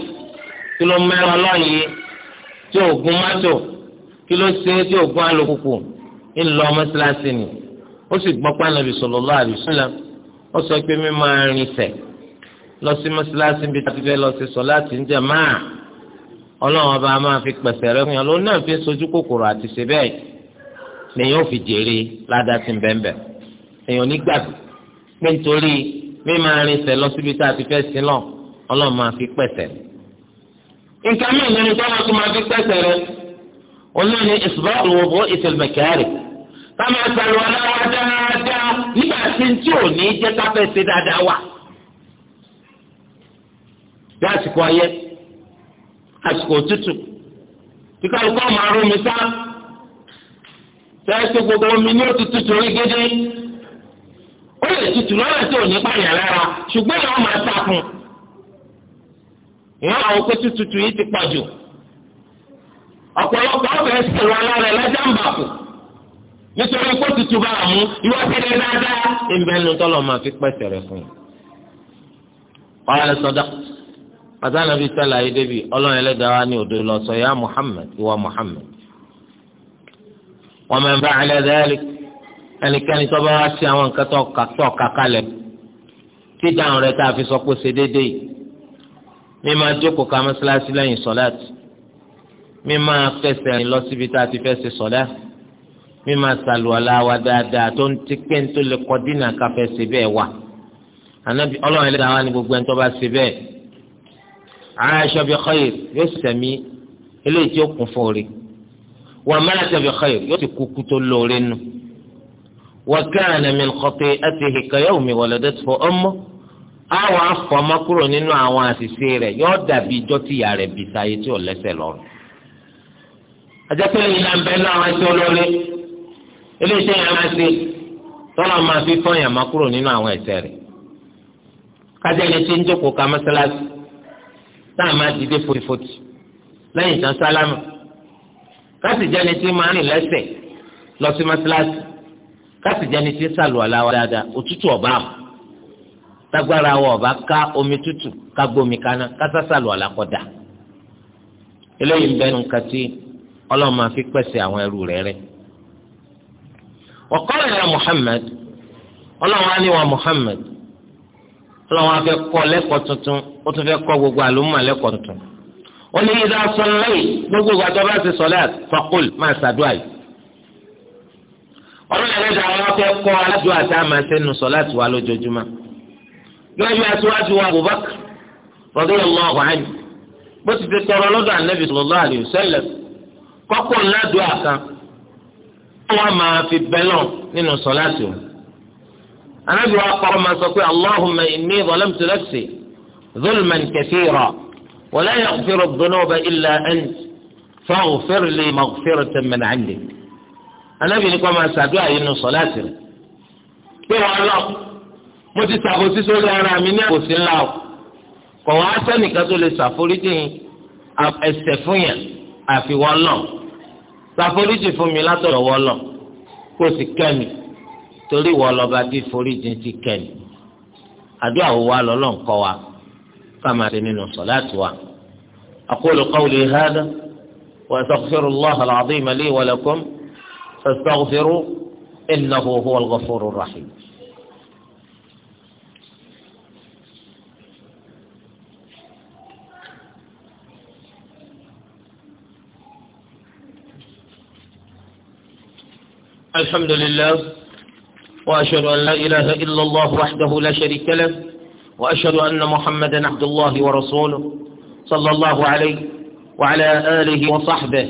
kí ló mú ọlọ́yin tí òògùn mọ́tò kí ló ṣe tí òògùn alùpùpù. ńlọ mọ́sálásí ni ó sì gbọ́ pé ànábì sallallahu alaihi wasallam ó sọ pé mi máa rin sẹ̀ lọ sí mọ́sálásí bíi tí a ti fẹ́ lọ sí sọ̀láàtì ń jẹ̀ máa ọlọ́run ọba máa fi pẹ̀sẹ̀ rẹ fún yàn lóun náà fi sojú kòkòrò àti ṣe bẹ́ẹ̀ lèyìn ò fi jèrè ládàá sí bẹ́ẹ̀ èèyàn nígbàgbọ́ pé nítorí mi máa rin sẹ̀ lọ síbi tí a ti fẹ́ sí lọ ọlọ́run máa fi pẹ̀sẹ̀ rẹ nǹkan mìíràn nínú tó wọn tún máa fi pẹ́sẹ̀ rẹ olóyún ní ìsúbà òwòbó ìtẹ̀lùmẹ̀kẹ́rì ká máa sàlùwà lára dáadáa nígbà tí n tí o ní jẹ́ ká fẹ́ ṣe dáadáa wà. bí àsìkò ọyẹ́ àsìkò òtútù bí kálukọ́ máa mi sá fẹ́ẹ́ gbogbo omi ní òtútù torí gidi. ó lè tutù lọ́nà tí ò ní pààyàn lára ṣùgbọ́n ìyá ọmọ ẹ̀ta kùn ìyá àwọn pé tútù yìí ti pọ̀ jù ọ̀pọ̀lọpọ̀ ọ̀fẹ́ ṣèwà lára ẹ̀ lájà ń bàkù. nítorí kó tutù bá wà mú ìwọ tẹ̀lé dáadáa ìbẹ́nu tọ́lọ̀ máa fi pẹ̀sẹ̀ rẹ̀ fún un. ọ̀rẹ́ sọ́dọ̀ pàtàkì àbí sàlàyé débi ọlọ́run ẹlẹ́dàá wa ní òdo lọ sọ ya Muhammad ìwà Muhammad. wọ́n máa ń bá alẹ́ dáálì ẹnikẹ́ni tó bá wá sí àwọn nǹkan tó kà kalẹ̀ tí dáhùn rẹ̀ tá a fi sọ pé ṣe déédéé yìí mi máa jókòó ká mọ́ṣáláṣí lẹ́yìn sọ́láàtì mi máa fẹsẹ̀ lọ síbi tá a ti fẹ́ ṣe sọ́láàtì mímà sàlùwàlà wa dáadáa tó ń ti pé tó lè kọ́ dínà káfẹ́ ṣe bẹ́ẹ̀ wa anabi ọlọ́run ẹlẹ́dàá wa ni gbogbo ẹni tó bá ṣe bẹ́ẹ̀ aṣọ bí xeyir yóò sẹ̀mí eléyìí tí ó kún fòrè wà mẹ́lẹ́sẹ̀ bí xeyir yóò ti kúkú tó lóore nù wà káàna mi kọ́tẹ́ ẹtì hìkẹ́yẹ́wò mi wọlé dẹ́tù fọ ọmọ àwọn afọmọ kúrò nínú àwọn àṣìṣe rẹ̀ yóò dàbí ijọ́ tí ìyá rẹ̀ bìtà yìí tí ò lẹ́sẹ̀ lọ́rùn. àjẹpẹ́lẹ́ yìí náà ń bẹ́ẹ̀ náà wọ́n ti eléyìí sẹ́yìn máa ṣe tọ́lọ́ máa fi fọ́ ìyàmá kúrò nínú àwọn ẹ̀ṣẹ̀ rẹ̀ kájẹ́ni tí ń jókòó ka mọ́sálásí táà máa dìde fotifoti lẹ́yìn ìtàn sálámù káàsì jẹ́ni tí máa rìn lẹ́sẹ̀ lọ sí mọ́sálásí káàsì jẹ́ni tí ń sàlùwà láwa dáadáa òtútù ọ̀bá àmọ́ tágbára wa ọ̀bá ká omi tútù ká gbómi kaná kásá sàlùwà lákọ̀dá eléyìí ń bẹ́nu kàtí ọlọ́run máa fi pèsè àwọn ẹrù rẹ̀ rẹ̀ وقال يا محمد ọlọ́run á ní wa muhammed ọlọ́run á fẹ́ kọ́ lẹ́kọ̀ọ́ tuntun ó tún fẹ́ kọ́ gbogbo àlùmọ́ lẹ́kọ̀ọ́ tuntun ó ní ìdá sọláì gbogbo ìgbà tó bá ti sọlá faqul máa ṣàdúrà yìí ọlọ́run ẹ̀rẹ́dà wọn fẹ́ kọ́ aládùúgbò àti àmàṣẹ́nu sọlá tiwa lójoojúmọ́ yóò yọ aṣíwájú wa abubakar radiyallahu anhu bó ti ti tọrọ lọ́dọ̀ ànábì sallallahu alayhi wa sallam kọ́kọ́ ńlá dùn àkàn wọ́n máa fi bẹ́lọ̀ nínú sọ́láàtì o. anábì wa kọ́ ma sọ pé allahumma inni zalamtu nafsi zulman kathira wa la yaghfiru dhunuba illa ant faghfir li maghfiratan min 'indik. anábì ni kọ́ máa ṣàdúrà yìí nínú sọ́láàtì rẹ̀. pé wọ́n lọ mo ti ṣàkóso sórí ara mi ní àkóso ńlá o kọ̀ wá sẹ́nìkan tó lè ṣàforíjì ẹsẹ̀ fún yẹn àfi wọ́n náà ṣàforíjì fún mi látọ̀dọ̀ wọlọ kó o sì kẹ́mi torí ìwọ lọba tí foríjì ti kẹ́mi àdúrà wo wa lọ́lọ́ ńkọ́ wa ká máa ṣe nínú sọ̀láàtì wa. أقول قولي هذا وأستغفر الله العظيم لي ولكم فاستغفروا إنه هو الغفور الرحيم الحمد لله وأشهد أن لا إله إلا الله وحده لا شريك له وأشهد أن محمدا عبد الله ورسوله صلى الله عليه وعلى آله وصحبه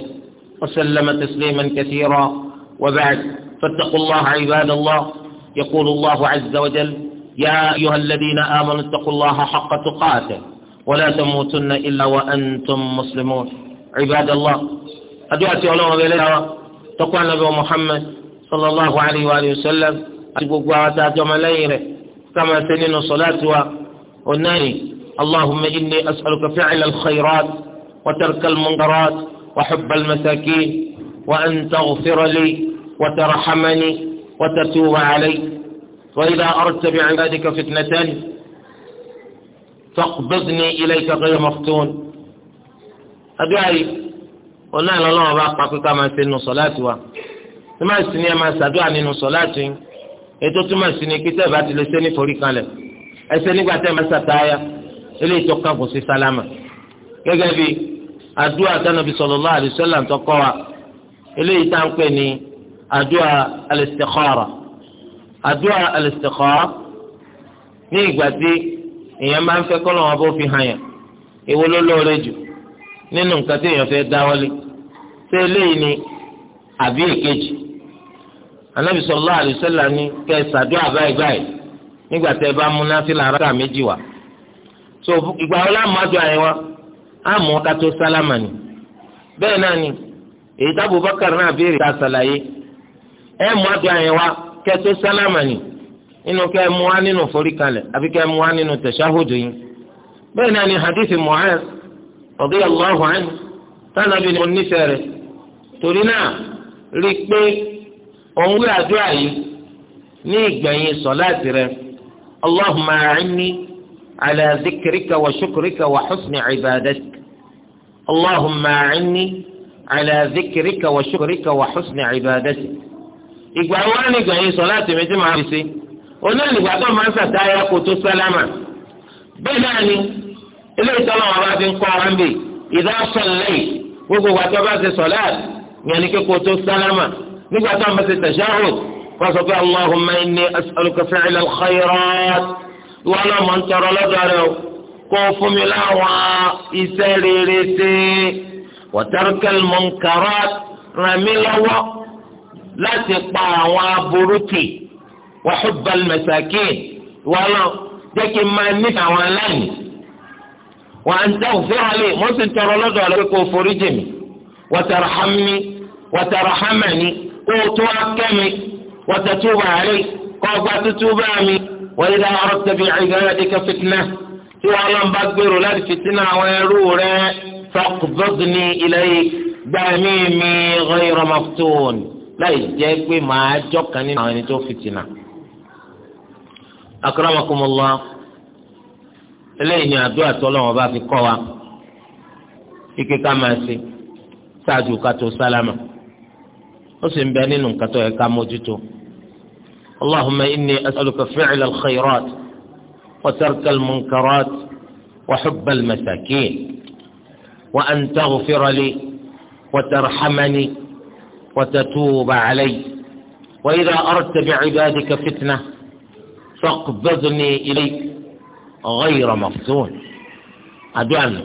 وسلم تسليما كثيرا وبعد فاتقوا الله عباد الله يقول الله عز وجل يا أيها الذين آمنوا اتقوا الله حق تقاته ولا تموتن إلا وأنتم مسلمون عباد الله أدعتي الله بليلة تقوى النبي محمد sallallahu alayhi wa sallam àti gbogbo àwọn tá a jọ máa lẹ́yìn rẹ̀ ká máa ṣe nínú sọláàtì wa onáyìn allahumma inni as'aluka fi'la al-khayrat wa tarka al-munkarat wa hubba al-masakin wa an taghfira li wa tarhamani wa tatuba alayya wa idha aradta bi'ibadika fitnatan faqbidni ilayka ghayra maftun adúláyé onáyìn lọ́lọ́wọ́ bá pa pé ṣe nínú sọláàtì wa tó máa sì ní ẹ máa ṣàdúrà nínú sọ̀láàtì ètò tó máa sì ní kí tẹ́ẹ̀ bá ti lè ṣe ní forí kanlẹ̀ ẹsẹ̀ nígbà tẹ́ẹ̀ máa ṣàtàyà eléyìí ele kàn kò sí sálámà gẹ́gẹ́ bí àdúrà tánàbí sallallahu alaihi wasallam tó kọ́ wa eléyìí tá à ń pè ní àdúrà al-istikhara àdúrà al èèyàn máa ń fẹ́ kọ́ lọ́wọ́ bó fi hàn yàn èwo lóore jù nínú nǹkan tí èèyàn fẹ́ dáwọ́lé ṣé eléyìí ni àbí èkejì anabi sallallahu alaihi wasallam ni kẹ́ ṣàdúrà báyìí báyìí nígbà tẹ́ bá mú náfìlà rákà méjì so ìgbà wo láàmú àdúrà yẹn wá àmú kátó ni bẹ́ẹ̀ náà èyí tábù bákàrà náà béèrè ká ṣàlàyé ẹ mú àdúrà yẹn wá kẹ́ sálámà ni nínú kẹ́ mú wá nínú foríkalẹ̀ àbí mú wá nínú yìí náà ni hadith tánàbí ni mo torí náà rí i pé òun wí àdúrà yìí ní ìgbẹ̀yìn sọ̀láàtì rẹ̀ allahumma a'inni ala zikrika wa shukrika wa husni ibadatik allahumma a'inni ala zikrika wa shukrika wa husni ibadatik. ìgbà wo ni ìgbẹ̀yìn sọ̀láàtì mi ti máa fi si onílùgbà tó máa ń sàtáyà kó tó sálámà bẹ́ẹ̀ náà ni ilé ìtọ́lọ́ wọn bá fi ń kọ́ wọn ìdá sọ̀lẹ́yì gbogbo wa نجد عمة التشهد فسوك اللهم إني أسألك فعل الخيرات ولا من ترى لدره كوف ملاوى إسالي وترك المنكرات رملوى لا تقع وابرتي وحب المساكين ولا لكن ما نفع ولاني وأن تغفر لي ما ترى لدره كوف وترحمني وترحمني kó o tó wá kẹ́mi wọ́n tẹ̀ tó wà rẹ̀ kọ́ ọgbà tútù bá mi wọ́n yíra ọ̀rọ̀ tẹ̀bi ìgbàlódé dika fitna tí wọ́n lọ́n bá gbèrò láti fitina àwọn ẹrú rẹ̀ faqbidni ilayk gbàmí mi ghayra maftun láì jẹ́ pé màá jọ́kan nínú àwọn ẹni tó fitina. akramakumullah eléyìí ni àdúrà tọ́lọ́wọ́n bá fi kọ́ wa ike ká máa ṣe ṣáájú ká tó sálámà ó sì ń bẹ nínú nǹkan tó yẹ ká mójútó allahumma inni as'aluka fi'la al-khayrat wa tarka al-munkarat wa hubba al-masakin wa an taghfira li wa tarhamani wa tatuba alayya wa idha aradta bi'ibadika fitnah faqbidni ilayk ghayra maftun àdúrà nù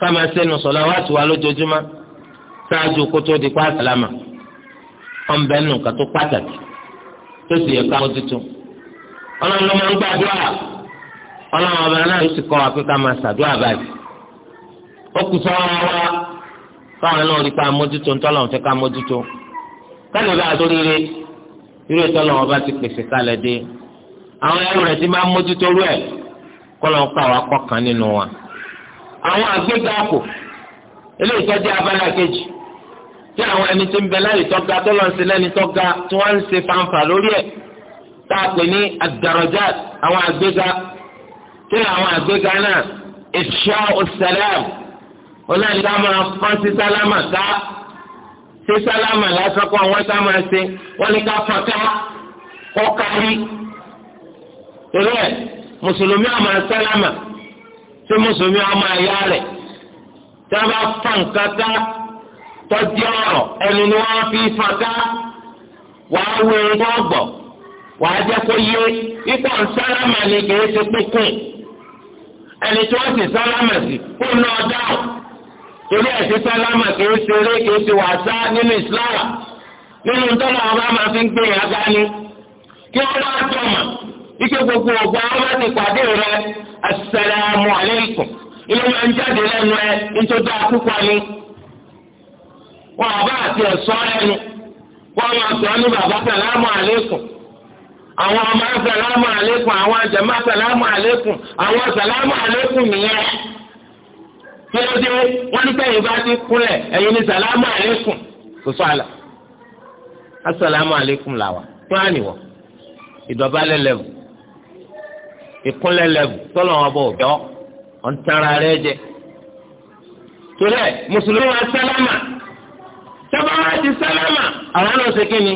ká máa sẹ́nu sọ̀lá wá tiwa lójoojúmọ́ ṣáájú kótó di pa àsàlámà. wọn bẹ nù kan tó pàtàkì tó sì yẹ ká tuntun ló máa ń gbàdúrà ọba náà ló sì kọ́ wa pé ká máa ṣàdúrà báyìí ó kù sọ́wọ́ wa káwọn náà rí pa mójútó ńtọ́lọ́run fẹ́ ká mójútó káàdì a ọba ti pèsè kálẹ̀ dé àwọn ẹrù rẹ̀ ti máa mójútó rú ẹ̀ nínú wa tí àwọn ẹni tí ń bẹ láyé tọ́ga tó lọ́n sí lẹ́ni tọ́ga tí wọ́n ń ṣe fanfa lórí ẹ̀ tá a pè ní àdàrọ̀jà àwọn àgbéga tí àwọn àgbéga náà ìṣá òsàlám onáìlá máa fọ́n sí sálámà ká sí sálámà lásán kó àwọn sá ṣe wọ́n ní ká fọ́nká kó kárí torí mùsùlùmí àmà sálámà tí mùsùlùmí àmà ayá rẹ̀ tí wọ́n bá fọ́nká ká tọ́jú ọ̀rọ̀ ẹnu ni wọ́n fi fọ́nká wàá wé gbọ́gbọ̀ wàá jẹ́ kó yé ipò sálámà ni kìí ṣe pínpín ẹni tí wọ́n sì sálámà sí kó náà dáhùn torí ẹ̀sìn sálámà kìí ṣe eré kìí ṣe wàásá nínú ìsìláàmù nínú tọ́lá ọba máa fi ń gbé yàgá ni kí wọ́n bá tọ̀mà ike gbogbo ọgbà ọba ti pàdé rẹ assalamu alaikum ilé máa ń jáde lẹ́nu ẹ nítorí akúkọ ni. wọn àbá àti ẹ̀sọ́ ẹnu wọn máa sọ ní bàbá sàlámù àlékún àwọn ọmọ sàlámù àlékún àwọn àjẹmá sàlámù àlékún àwọn sàlámù àlékún nìyẹn kí ló dé wọn ní bá ti ní sàlámù àlékún kò sọ àlà asàlámù àlékún làwà tó ìkúnlẹ̀ tọ́lọ̀ wọn bọ̀ ọ̀dọ́ ọ̀ntara jẹ mùsùlùmí wa sálámà tabaati sálámà àwọn náà ṣe kí ni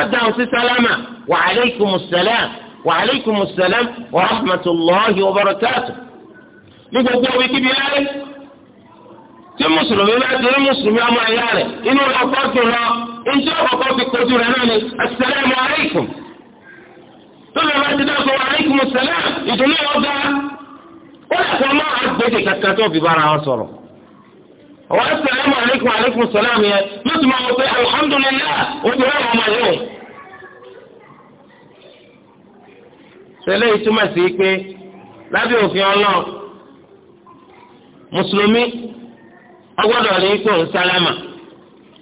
adáhùn sí sálámà wa aleikum salam wa aleikum salam wa rahmatulahi wa barakatu. ní gbogbo omi kíbi láyé tí mùsùlùmí bá ti rí mùsùlùmí ọmọ ẹ̀yà rẹ̀ inú ọkọ̀ tó lọ iṣẹ́ ọkọ̀ fi kojú rẹ̀ náà ni asalaamu aleikum. tó lè bá ti dáko aleikum salam ìdùnnú ọgá ó lè fọ́ mọ́ àgbèdè kankan tó fi bára wọn sọ̀rọ̀. ọwọ́ asalaamu aleykum aleykum salaam yẹn yóò tún máa wọ pé alihamudulilayi o ti rán ọmọ yẹn. sẹlẹ̀ yìí túmọ̀ sí pé lábẹ́ òfin ọlọ́ọ̀ mùsùlùmí ọgbọ́dọ̀ ní kó ń sálámà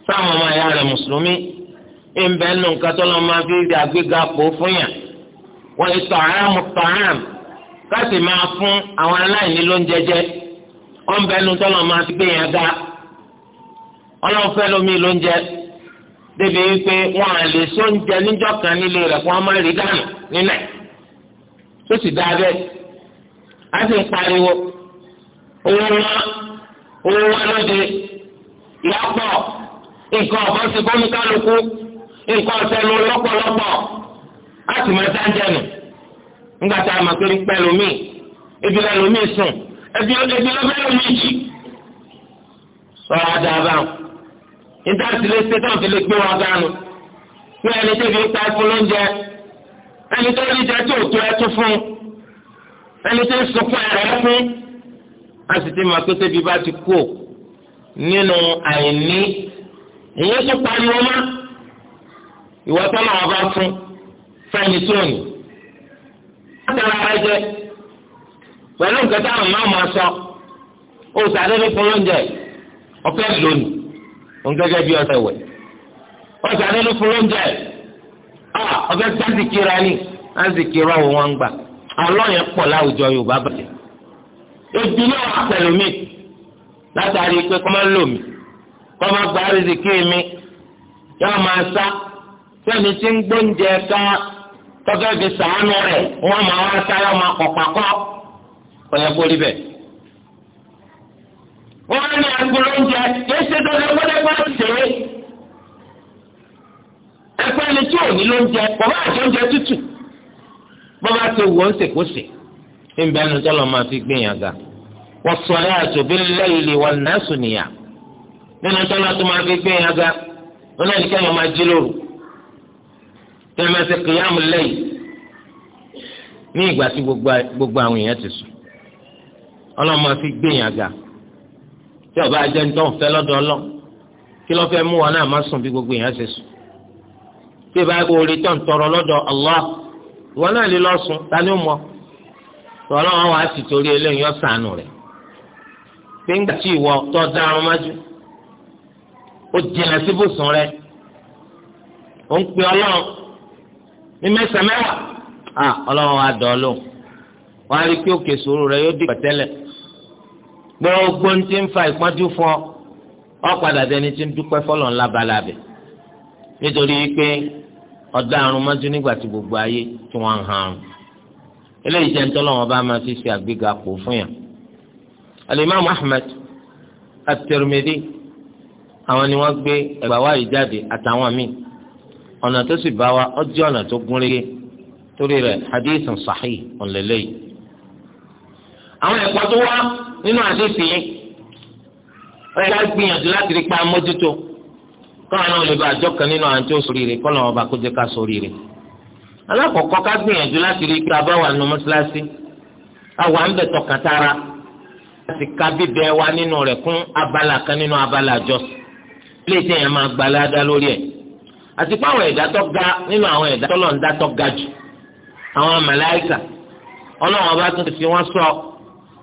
sáwọn ọmọ ẹ̀yà rẹ̀ mùsùlùmí ìbẹ̀ nù nǹkan tó lọ́ máa fi àgbéga pò fún yàn wọ́n ìtọ̀ àrà mùtọ̀ àrà káàsì máa fún àwọn aláìní lóúnjẹ jẹ. wọn bẹ tọ́lọ̀ máa fi gbé yẹn ga ọlọ́run fẹ́ lómi lóúnjẹ débi wípé wọn à lè sóúnjẹ níjọ́ kan nílé rẹ fún ọmọ rí dànù nílẹ̀ tó sì dáa bẹ́ẹ̀ á sì ń pariwo owó owó lóde nǹkan nǹkan sì máa dáńjẹ nù ńgbà tá a ẹbí ẹbí lọ́bẹ̀rẹ̀ méjì sọ̀rọ̀ dábà ìdáàtì lè ṣe táwọn fi lè gbé wa gánú fún ẹni tó fi pa fún lóúnjẹ ẹni tó rí jẹ tí ò tó ẹtú fún ẹni tó sunkún ẹrẹ fún a sì ti máa pé tẹbi bá ti kú nínú àìní èyí tó pariwo má ìwọ́tọ́ náà wọ́n bá fún fẹ́ni tóní. wọ́n tẹ̀lé ara jẹ́ pẹ̀lú nǹkan táwọn máa ma sọ ó sàdédé fún lóúnjẹ ọ̀fẹ́ lónìí òun gẹ́gẹ́ bí ọ̀sẹ̀ wẹ̀ ó sàdédé fún lóúnjẹ ọ̀fẹ́ sàzìkìrà ni sàzìkìrà òun wọn gbà àlọ́ yẹn pọ̀ láwùjọ Yorùbá bàjẹ́ ebi náà wà pẹ̀lú mi látàrí pé kọ́ máa ń lò mí kọ́ máa gba rìzìkì mi yóò máa sá sẹ́ni tí ń gbóúnjẹ ká tọ́gẹ́gì sàánú rẹ̀ wọ́n máa wá sá yóò máa kọ̀ pàkọ́. kọyẹ kó rí bẹ. wọ́n ní agolo oúnjẹ kìí ṣe dandan gbọ́dọ̀gbọ́ ṣe é. ẹgbẹ́ ni tí ò ní lóúnjẹ bàbá àti oúnjẹ tútù bàbá ti wò ń sèkó sè. níbi ẹnu máa fi gbìyàn wọ́n sọ ẹ́ àtòbí lẹ́yìn náà sùn nìyà nínú tó máa fi wọn náà máa jí lóru gbogbo àwọn èèyàn ti ọlọ́run máa fi gbẹ̀yìn àgà tí ọba ajẹ́ ń tán fẹ́ lọ́dọ̀ ọlọ́ kí ló fẹ́ mú wọn náà má sùn bí gbogbo èèyàn ṣe sùn tí ìbá kò rí tán tọrọ lọ́dọ̀ Allah ìwọ náà lè lọ sùn ta ni ó mọ tọ́lọ́ wọn wàá sì torí eléyìí yọ sànù rẹ̀ pé ńgbà tí ìwọ tó dárun májú ó jìnà síbùsùn rẹ̀ ó ń pe ọlọ́run ní mẹ́sàn-án mẹ́wàá ọlọ́run wa dọ̀ ọ́ lóhùn wọ́n á rí pé òkè sòrò rẹ̀ yóò dìgbà tẹ́lẹ̀ gbogbo ń ti ń fa ìpọ́njú fún ọ ọ padà dẹni tí ń dúpẹ́ fọlọ́ ńlá balabẹ̀ nítorí pé ọ̀dà àrùn mọ́jú nígbà tí gbogbo ayé tí wọ́n ń han àrùn eléyìí jẹ́ nítorí wọn bá máa fi ṣe àgbéga pò fún yàn alimami ahmed at àwọn ni wọ́n gbé ẹgbàá wa yìí jáde àtàwọn míì ọ̀nà tó sì bá wa ó jẹ́ ọ̀nà tó gúnrégé torí rẹ̀ hadith sahih ọ̀nlẹ́lẹ́yìí àwọn ẹ̀kọ́ tó wá nínú àṣìṣe yìí wọ́n yẹ gbìyànjú láti rí pa mójútó káwọn náà lè ba àjọ kan nínú àwọn tí ó sórí rẹ̀ kọ́nà ọba kó jẹ́ ká sórí rẹ̀ alákọ̀ọ́kọ́ ká gbìyànjú láti rí pa báwa nu mọ́ṣáláṣí àwa ń bẹ̀ tọkàn tara láti ka bíbẹ wa nínú rẹ̀ kún abala kan nínú abala àjọsìn ilé tí èèyàn máa gbalẹ́ adá lórí ẹ̀ àti pé àwọn ẹ̀dá tó ga nínú àwọn ẹ̀dá tó lọ́ọ̀dá tó ga jù àwọn màláíkà ọlọ́run ọba tó ti fi wọ́n sọ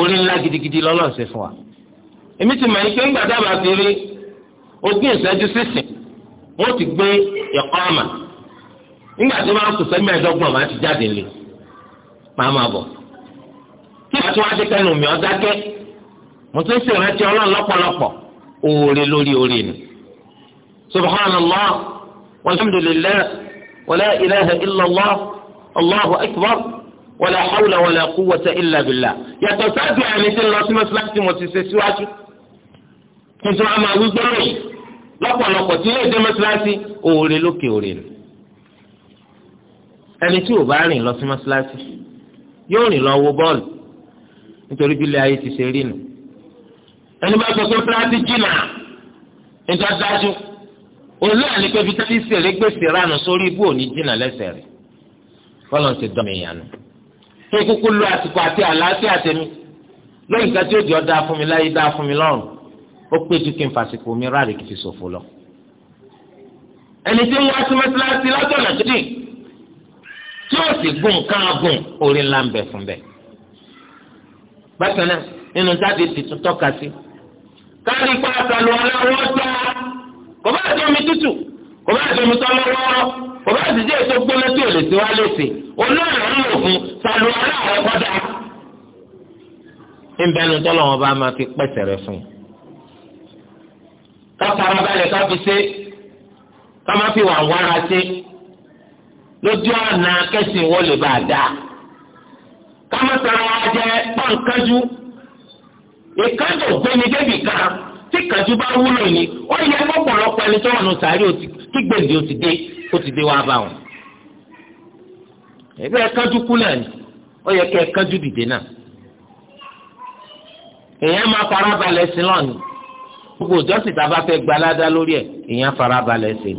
orí ńlá gidigidi lọ́lọ́ ṣe fún wa èmi ti mọ̀ ike ńgbà dábàá ti rí ogún ìṣẹ́jú sísìn wọ́n ti gbé ẹ̀kọ́ àmà ńgbà tó bá kù sẹ́mi ẹ̀dọ́gbọ̀n máa ti jáde lé máa máa bọ̀ kí wàá tó wá dé kẹ́nu mi ọ̀dákẹ́ mo tún rántí ọlọ́run lọ́pọ̀lọpọ̀ wala hawla wala quwwata illa billah yàtọ̀ sáàdù àmì tí ń lọ sí mọ́sálásí mo ti ṣe síwájú tuntun àmà wígbọ́ rẹ̀ lọ́pọ̀lọpọ̀ tí yóò dé mọ́sálásí òòrè lókè òòrè nù ẹni tí ò bá rìn lọ sí mọ́sálásí yóò rìn lọ wo bọ́ọ̀lù nítorí bí ilé ayé ti ṣe rí nù ẹni bá sọ pé mọ́sálásí jìnnà níta dájú òun náà pé bí tẹ́lifíṣẹ̀ rẹ̀ gbèsè ránù sórí ibú òní jìnnà lẹ́sẹ̀ rẹ̀ fọlọ́n ti dọ́ mi yànnà kí n kúkú lo àsìkò àti àlàáfíà tèmi lóyìn nǹkan tí ó jọ dáa fún mi láyé dáa fún mi lọ́rùn ó pé ju kí n fàsìkò mi ráàlì kì í fi ṣòfò lọ. ẹni tí ń wá sí mọ́sálásí látọ̀nà tó dì tí ó sì gùn kán gùn orí ńlá ń bẹ fún bẹ. bákan nínú jáde ti tún tọ́ka sí káàdì pa àtàlù aláwọ̀ tá kò bá àti omi tútù kò bá àti omi tọ́lọ́wọ́ olóòlù ń lò fún sàlù aláàrẹ kọjá. ìbẹnu tọ́lọ̀ wọn bá máa fi pẹ̀sẹ̀ rẹ fún un. ká farabalẹ̀ ká fi ṣe ká má fi wà wára ṣe lójú ọ̀nà kẹ́sìn wọlé bá dáa. ká má sọ̀rọ̀ wa pọ́ǹkájú ìkájọ gbẹni débi kan tí kájú bá wúlò ní ó yẹ kọ́pọ̀lọpọ̀ ẹni tó wà nù sàárì ó ti dé ó ti dé wá bá wọn. ẹbí ẹ kánjú kú náà ni ó yẹ kẹ ẹ kánjú dìde náà èèyàn máa farabalẹ̀ sí lọ́ọ̀nì gbogbo ìjọsìn tá a bá fẹ́ gbalada lórí ẹ̀ èèyàn farabalẹ̀ sí i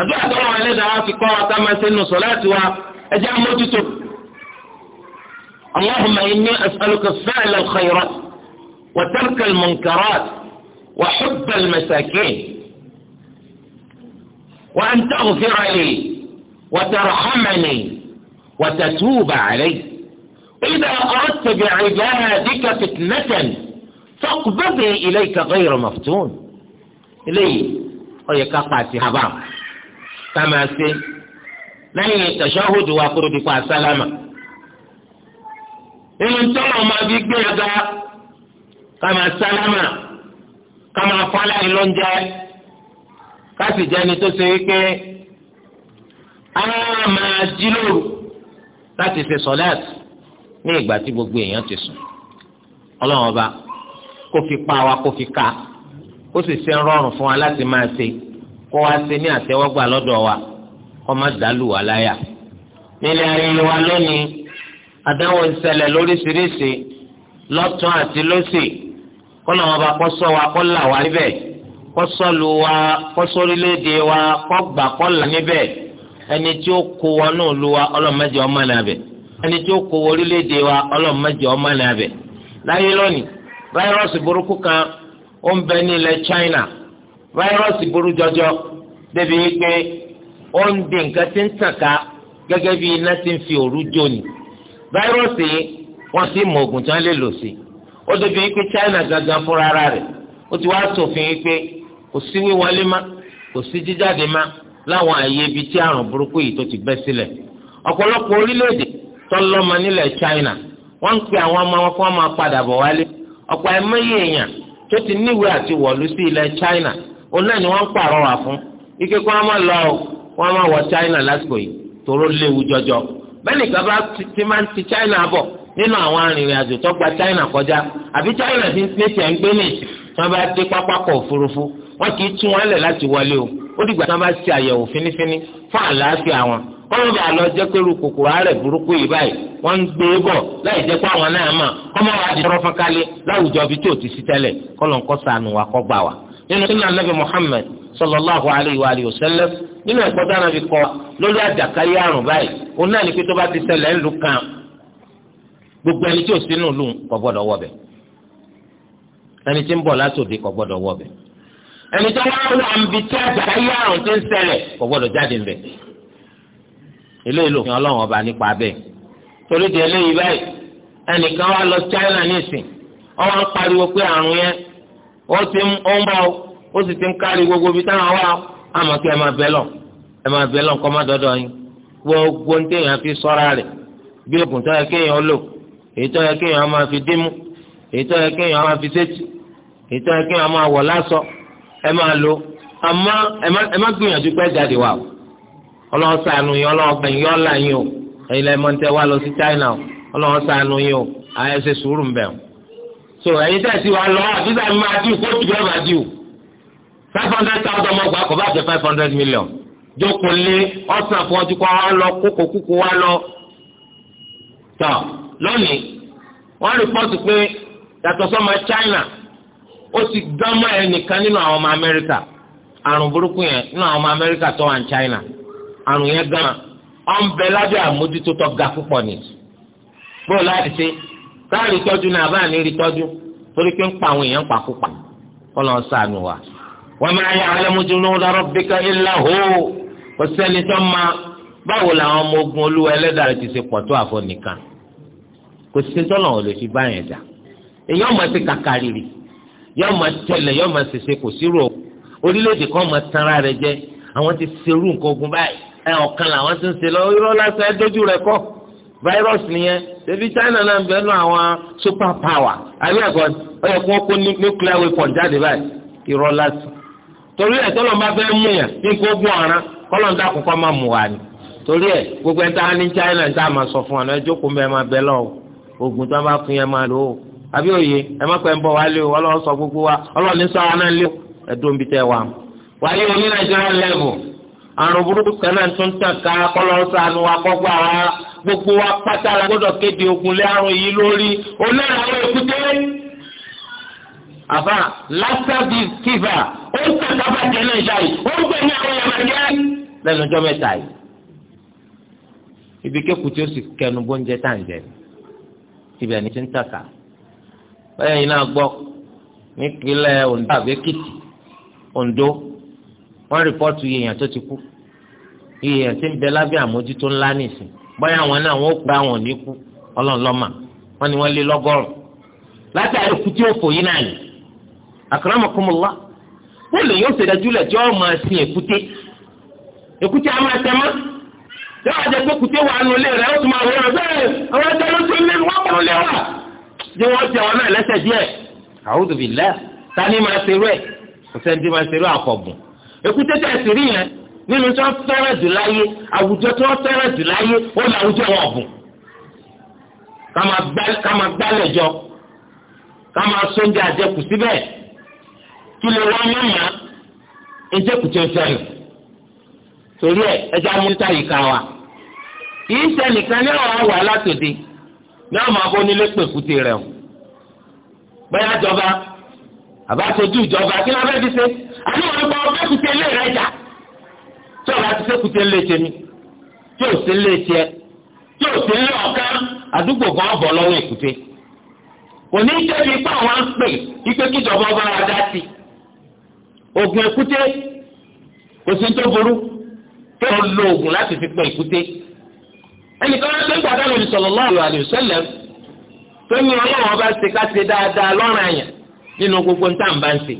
àbí àtọ́wọ́ ẹlẹ́dàá wa fi kọ́ wa máa ṣe nù sọ láti ẹjẹ́ amójútó. اللهم إني أسألك فعل الخيرات وترك المنكرات وحب المساكين وأن تغفر لي وترحمني وتتوب علي إذا أردت بعبادك فتنة فاقبضني إليك غير مفتون لي أي كقاتي هبام كما سي لن يتشاهد وأقرب سلاما إن ترى ما بيك بيضا كما سلاما كما فلا إلون جاي كاسي جاني تسيكي a máa jí lóru láti ṣe sọláàtì ní ìgbà tí gbogbo èèyàn ti sùn ọlọ́run ọba kó fi pa wa kó fi ka kó sì ṣe ń rọrùn fún wa láti máa ṣe kó wa ṣe ní àtẹ́wọ́gbà lọ́dọ̀ wa kó má dàlù wá láyà nílẹ̀ ayé wa lónìí àdánwò ìṣẹ̀lẹ̀ lóríṣiríṣi lọ́tún àti lósì kọ́nà wọn bá sọ wa kọ́ là wá níbẹ̀ kọ́ sọ́lu wa kọ́ sórílẹ̀-èdè wa kọ́ gbà kọ́ là níbẹ̀. ẹni tí ó kó wa ọlọ́mọdé ọmọ náà bẹ̀ ẹni tí wa ọlọ́mọdé ọmọ náà bẹ̀ láyé lónìí fáírọ́ọ̀sì burúkú kan ó ń bẹ ní ilẹ̀ China fáírọ́ọ̀sì burú jọjọ débi pé ó ń di nǹkan tí ń tàn ká gẹ́gẹ́ bí iná ti ń fi òru jó ni fáírọ́ọ̀sì wọn sì mọ oògùn tí wọ́n lè lò sí ó débi pé China gangan fúnra ó ti wá láwọn àyè ibi tí àrùn burúkú yìí tó ti bẹ́ sílẹ̀ ọ̀pọ̀lọpọ̀ orílẹ̀-èdè ma nílẹ̀ China wọ́n ń pe àwọn ọmọ wọn fún ọmọ padà bọ̀ wálé ọ̀pọ̀ ẹ̀mọ́yé èèyàn tó ti níwèé àti wọ̀lú sí ilẹ̀ China òun náà ni wọ́n ń fún ike kí wọ́n lọ wọ́n wọ China lásìkò yìí tóró léwu jọjọ bẹ́ẹ̀ bá ti máa ń ti China bọ̀ nínú àwọn arìnrìn-àjò tó gba China kọjá àbí China ti ń pèsè ń gbé bá dé pápákọ̀ òfurufú wọ́n kì í tún wọn ó dìgbà tí wọ́n bá ṣe àyẹ̀wò fínífíní fún àlàáfíà wọn kọ́mọ́ bá lọ jẹ́ pé irú kòkòrò àárẹ̀ burúkú yìí báyìí wọ́n ń gbé bọ̀ láì jẹ́ pé àwọn náà wa di rọ́fọ́n kálí láwùjọ bíi tí ò ti sí tẹ́lẹ̀ kọ́lọ̀ ń kọ́ sànù wa kọ́ gbà wa. nínú sílẹ̀ anábì Muhammad sallallahu alayhi wa alihi wa sallam nínú ẹ̀kọ́ lórí àjàkáyé àrùn báyìí òun náà kan gbogbo ẹni tí o lù ẹni tó wá wà níbi tí àjàrà yí àrùn ti ń ṣẹlẹ̀ kò gbọdọ̀ jáde ń ọba nípa torí di eléyìí báyìí ẹnìkan wá lọ China nísìn ọwọ́ ń pariwo pé àrùn yẹn ó ti ń bọ̀ ó sì ti ń kárí gbogbo ibi táwọn àmọ́ kí ẹ máa bẹ́ lọ ẹ máa bẹ́ lọ yín gbogbo ní téèyàn fi sọ́ra rẹ̀ bí tó yẹ kéèyàn ẹ máa lo àmọ́ ẹ má gbìyànjú pé jáde wà o ọlọ́wọ́ sànù yín ọlọ́wọ́ gbẹ̀yìn yín ọ̀la yín o ẹ̀yin lọ sí China o ọlọ́wọ́ sànù yín o ṣe sùúrù wa lọ àdúrà mi máa dùn kóòtù bẹ́ẹ̀ máa five hundred thousand ọmọ ọgbà kò five hundred million jókòólé ọ̀sán fún ọtí wa lọ kókò kúkú wa lọ. tọ́ lónìí wọ́n rìpọ́tù pé yàtọ̀ ó sì dánmọ́ ẹnìkan nínú àwọn ọmọ amẹ́ríkà àrùn burúkú yẹn nínú àwọn ọmọ amẹ́ríkà tó wà ní china àrùn yẹn gan ọ̀ ń bẹ lábẹ́ àmójútó tó ga púpọ̀ ni bó láti ṣe táàrí tọ́jú náà bá ní rí tọ́jú torí pé ń pa àwọn èèyàn pàkópa kọ́ lọ́n sànù wa. wa ma ya'lamu junuda rabbika illa hu kò sẹ́ni tó máa báwo làwọn ọmọ ogun olúwa ẹlẹ́dàá rẹ̀ ti ṣe pọ̀ tó àfọ nìkan kò sí tọ́lọ̀ ò lè fi báyẹn dà èèyàn mọ̀ sí kàkà yóò máa tẹlẹ yóò máa ṣèṣe kò sí rò orílẹ̀-èdè kan máa tanra rẹ̀ jẹ àwọn ti ṣerú nǹkan ogun báyìí ẹ ọ̀kan làwọn ti ń ṣe lọ irọ́ lásán ẹ dójú rẹ̀ kọ́ virus nìyẹn ṣebí China náà ń bẹ́ẹ̀ nù àwọn super power àbí ẹ̀kọ́ ọ yẹ kí wọ́n kó nuclear weapon jáde báyìí irọ́ lásán torí ẹ̀ tọ́lọ́ máa fẹ́ mú yàn ní kó gún ọ̀ràn kọ́lọ́ ń dákun kọ́ máa mú wa ni torí ẹ̀ gbogbo ẹ̀ ń ta ní China ń ta máa sọ fún wa náà ẹ jókòó mẹ́ẹ̀ máa bẹ́ lọ́wọ́ àbí òye ẹ má pẹ́ ń bọ̀ wá lé o ọlọ́run sọ gbogbo wa ọlọ́run ní sọ́wọ́n náà lé o ẹ̀dùn bíi tẹ́ wa. wáyé o ní nàìjíríà lẹ́bù àrùn burúkú kan náà tún tàn ká kọ́lọ́run sànù wa kọ́gbà wa gbogbo wa pátá la gbọ́dọ̀ kéde ogun lé àrùn yìí lórí onáà àwọn èkúté. àbá lásà bí kífà ó ń tàn ká bàjẹ́ náà ṣáì ó ń gbẹ̀yìn àwọn yàrá lẹ́nu ọjọ́ mẹ́ta yìí ibi kékùté ó sì kẹnu bóúnjẹ tá à ní ti ń tàkà bẹ́ẹ̀ yìí náà gbọ́ nípínlẹ̀ Ondo àbẹ́kìtì Ondo wọ́n rìpọ́tù yìnyín tó ti kú yìnyín tí ń bẹ lábẹ́ àmójútó ńlá nìsín bọ́yá àwọn náà wọ́n gba àwọn ní ọlọ́ọ̀lọ́mà wọ́n wọ́n lé lọ́gọ́rùn tí ó fò yín náà ni akramakumullah wọ́n lè yóò ṣèdájúlẹ̀ tí wọ́n máa a máa tẹ́ mọ́ tí wọ́n wà nulẹ̀ rẹ̀ ó tún máa ṣé wọ́n ti àwọn náà lẹ́sẹ̀ àwùjọ bíi ta ni máa ṣerú ẹ̀ kò sẹ́ni tí máa ṣerú àkọ̀gùn èkúté tẹ̀ sí rí yẹn nínú tí wọ́n fẹ́rẹ̀ jù láyé àwùjọ tí wọ́n fẹ́rẹ̀ jù láyé àwùjọ wọn kàmá jọ torí yìí ká wa kì í ṣe nìkan ní ọ̀rọ̀ wà látòdì. ní àwọn abọ́ nílé pèkúté rẹ̀ o bẹ́ẹ̀ jọba àbáṣojú ìjọba kí lóò fẹ́ fi ṣe àdéhùn ọ̀gbọ́n ọ̀gbẹ́ kùtẹ́ ilé rẹ̀ jà tí ọ̀la ti fẹ́ kùtẹ́ ilé tèmi tí ò sí ilé tiẹ̀ tí ò sí ilé ọ̀kan àdúgbò kan ọ̀bọ̀ lọ́wọ́ èkúté kò ní í débi pé àwọn ń pè ipe kíjọba ọba wa dá sí oògùn èkúté kò sí tó burú tó ń lo oògùn láti fi pè èkúté ẹnìkan wọn pé gbàdá lòdì sallallahu alaihi wasallam tó ní ọlọ́run ọba ṣe ká ṣe dáadáa lọ́rùn àyàn nínú gbogbo ní tàǹbà ń ṣe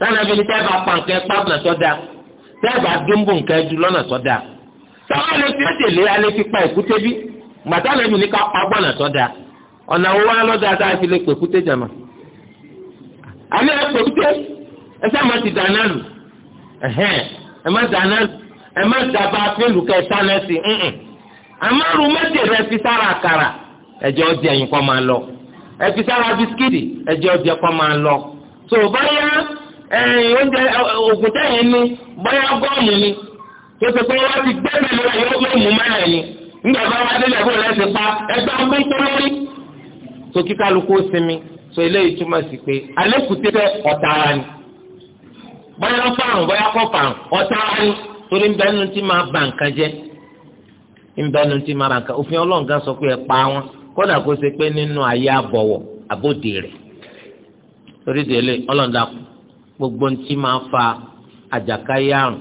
tànà bí ní tẹ́ẹ̀bà pa nǹkan pa ọ̀nà sọ́dà tẹ́ẹ̀bà dúnbù nǹkan ju lọ́nà sọ́dà táwọn lè fi tẹ̀lé alẹ́ fi pa èkúté bí gbàdá lòdì ká pa gbọ́nà sọ́dà ọ̀nà wo wá tá a fi lè pè èkúté jàmà ẹ má ti dáná lù ẹ má dáná lù ẹ àmọ́rù mẹ́tẹ̀ rẹ fi sára àkàrà ẹ̀jẹ̀ ọdẹ ẹ̀yìn kọ́ máa lọ ẹ sára bisikíìtì ẹ̀jẹ̀ ọdẹ kọ́ máa lọ. tó báyà ẹ̀yìn oúnjẹ ògùn tẹ̀yìn ni báyà gọ́ọ̀mù ni tó ṣe pé wọ́n ti gbé mi lọ yóò lè mú mẹ́rẹ̀ ni nígbà bá wá délẹ̀ bó lẹ́sẹ̀ pa ẹgbẹ́ agbóńtó lórí. tó kíkálukú sinmi tó eléyìí túmọ̀ sí pé ọ̀tara ni báyà fáwọn báyà fáwọn ọ̀tara ni torí bẹ́ẹ̀ ńbẹ́nu ti mara nǹkan òfin ọlọ́run sọ pé ẹ pa wọn kódà kó ṣe pé nínú ayé àbọ̀wọ̀ àbòdì rẹ̀ torí délé ọlọ́run gbogbo máa fa àjàkáyé àrùn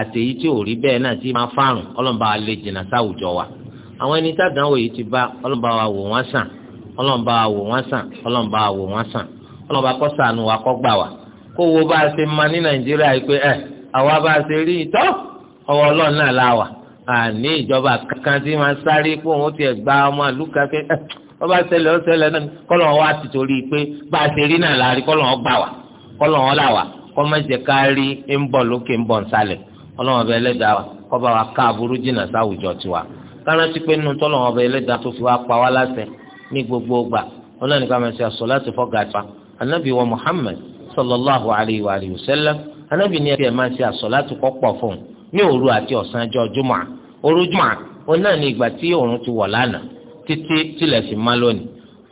àti èyí tí ò rí bẹ́ẹ̀ náà tí máa fárùn wa lè jìnnà sáwùjọ wa àwọn ẹni tàdánwò yìí ti bá ọlọ́run wa wò wọ́n sàn ọlọ́run wa wò wọ́n sàn wa wò wọ́n sàn wa gbà kó wo bá a ṣe ní nàìjíríà yìí pé àní ìjọba kankan tí máa sáré pé òun ti ẹ̀ gba ọmọ àlùkà pé ọba eh, ṣẹlẹ̀ ọ̀ṣẹlẹ̀ náà kọ́lọ̀ wá ti torí pé bá a ṣe rí náà láàrí kọ́lọ̀ wọn gbà wá kọ́lọ̀ wọn là wá kọ́ má ká rí ń bọ̀ lókè ń bọ̀ ẹlẹ́dàá wa kọ́ bá wa ká aburú jìnnà sáwùjọ tiwa kárántí pé nínú tọ́lọ̀wọ́n ọba ẹlẹ́dàá tó fi wá pa wá ní gbogbo gbà ṣe ní òru àti ọ̀sán ọjọ́ jùmọ̀ òru jùmọ̀ òun náà ní ìgbà tí òòrùn ti wọ̀ lánàá títí tilẹ̀ fi má lónìí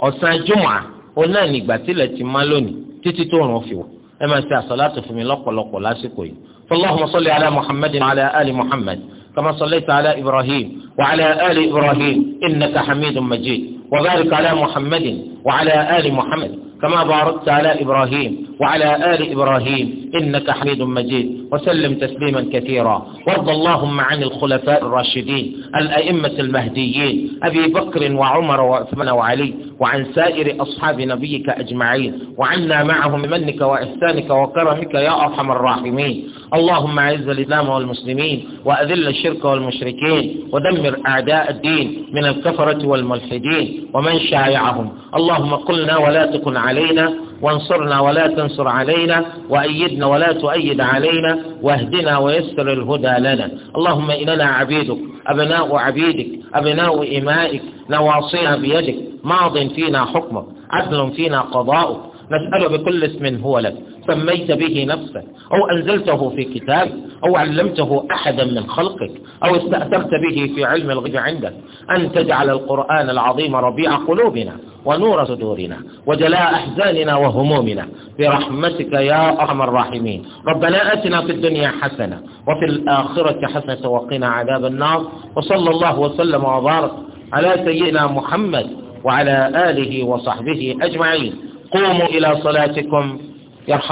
ọ̀sán jùmọ̀ òun náà ní ìgbà tilẹ̀ ti má lónìí títí tó òòrùn fi wọ̀ ẹ máa ṣe àsàlátù fún mi lọ́pọ̀lọpọ̀ lásìkò yìí fọlọ́hùn sọ́lé alá muhammed alá ali muhammed kama sọ́lẹ́tà alá ibrahim wa alá ali ibrahim innaka hamidun majid wa bárik alá muhammed wa alá ali muhammed kama baarakta alá ibrahim وعلى آل إبراهيم إنك حميد مجيد وسلم تسليما كثيرا وارض اللهم عن الخلفاء الراشدين الأئمة المهديين أبي بكر وعمر وعثمان وعلي وعن سائر أصحاب نبيك أجمعين وعنا معهم بمنك وإحسانك وكرمك يا أرحم الراحمين اللهم أعز الإسلام والمسلمين وأذل الشرك والمشركين ودمر أعداء الدين من الكفرة والملحدين ومن شايعهم اللهم قلنا ولا تكن علينا وانصرنا ولا تنصر علينا وأيدنا ولا تؤيد علينا واهدنا ويسر الهدى لنا اللهم إننا عبيدك أبناء عبيدك أبناء إمائك نواصينا بيدك ماض فينا حكمك عدل فينا قضاؤك نسأله بكل اسم هو لك سميت به نفسك أو أنزلته في كتاب أو علمته أحدا من خلقك أو استأثرت به في علم الغيب عندك أن تجعل القرآن العظيم ربيع قلوبنا ونور صدورنا وجلاء أحزاننا وهمومنا برحمتك يا أرحم الراحمين ربنا أتنا في الدنيا حسنة وفي الآخرة حسنة وقنا عذاب النار وصلى الله وسلم وبارك على سيدنا محمد وعلى آله وصحبه أجمعين qumu ila salatikum yarham.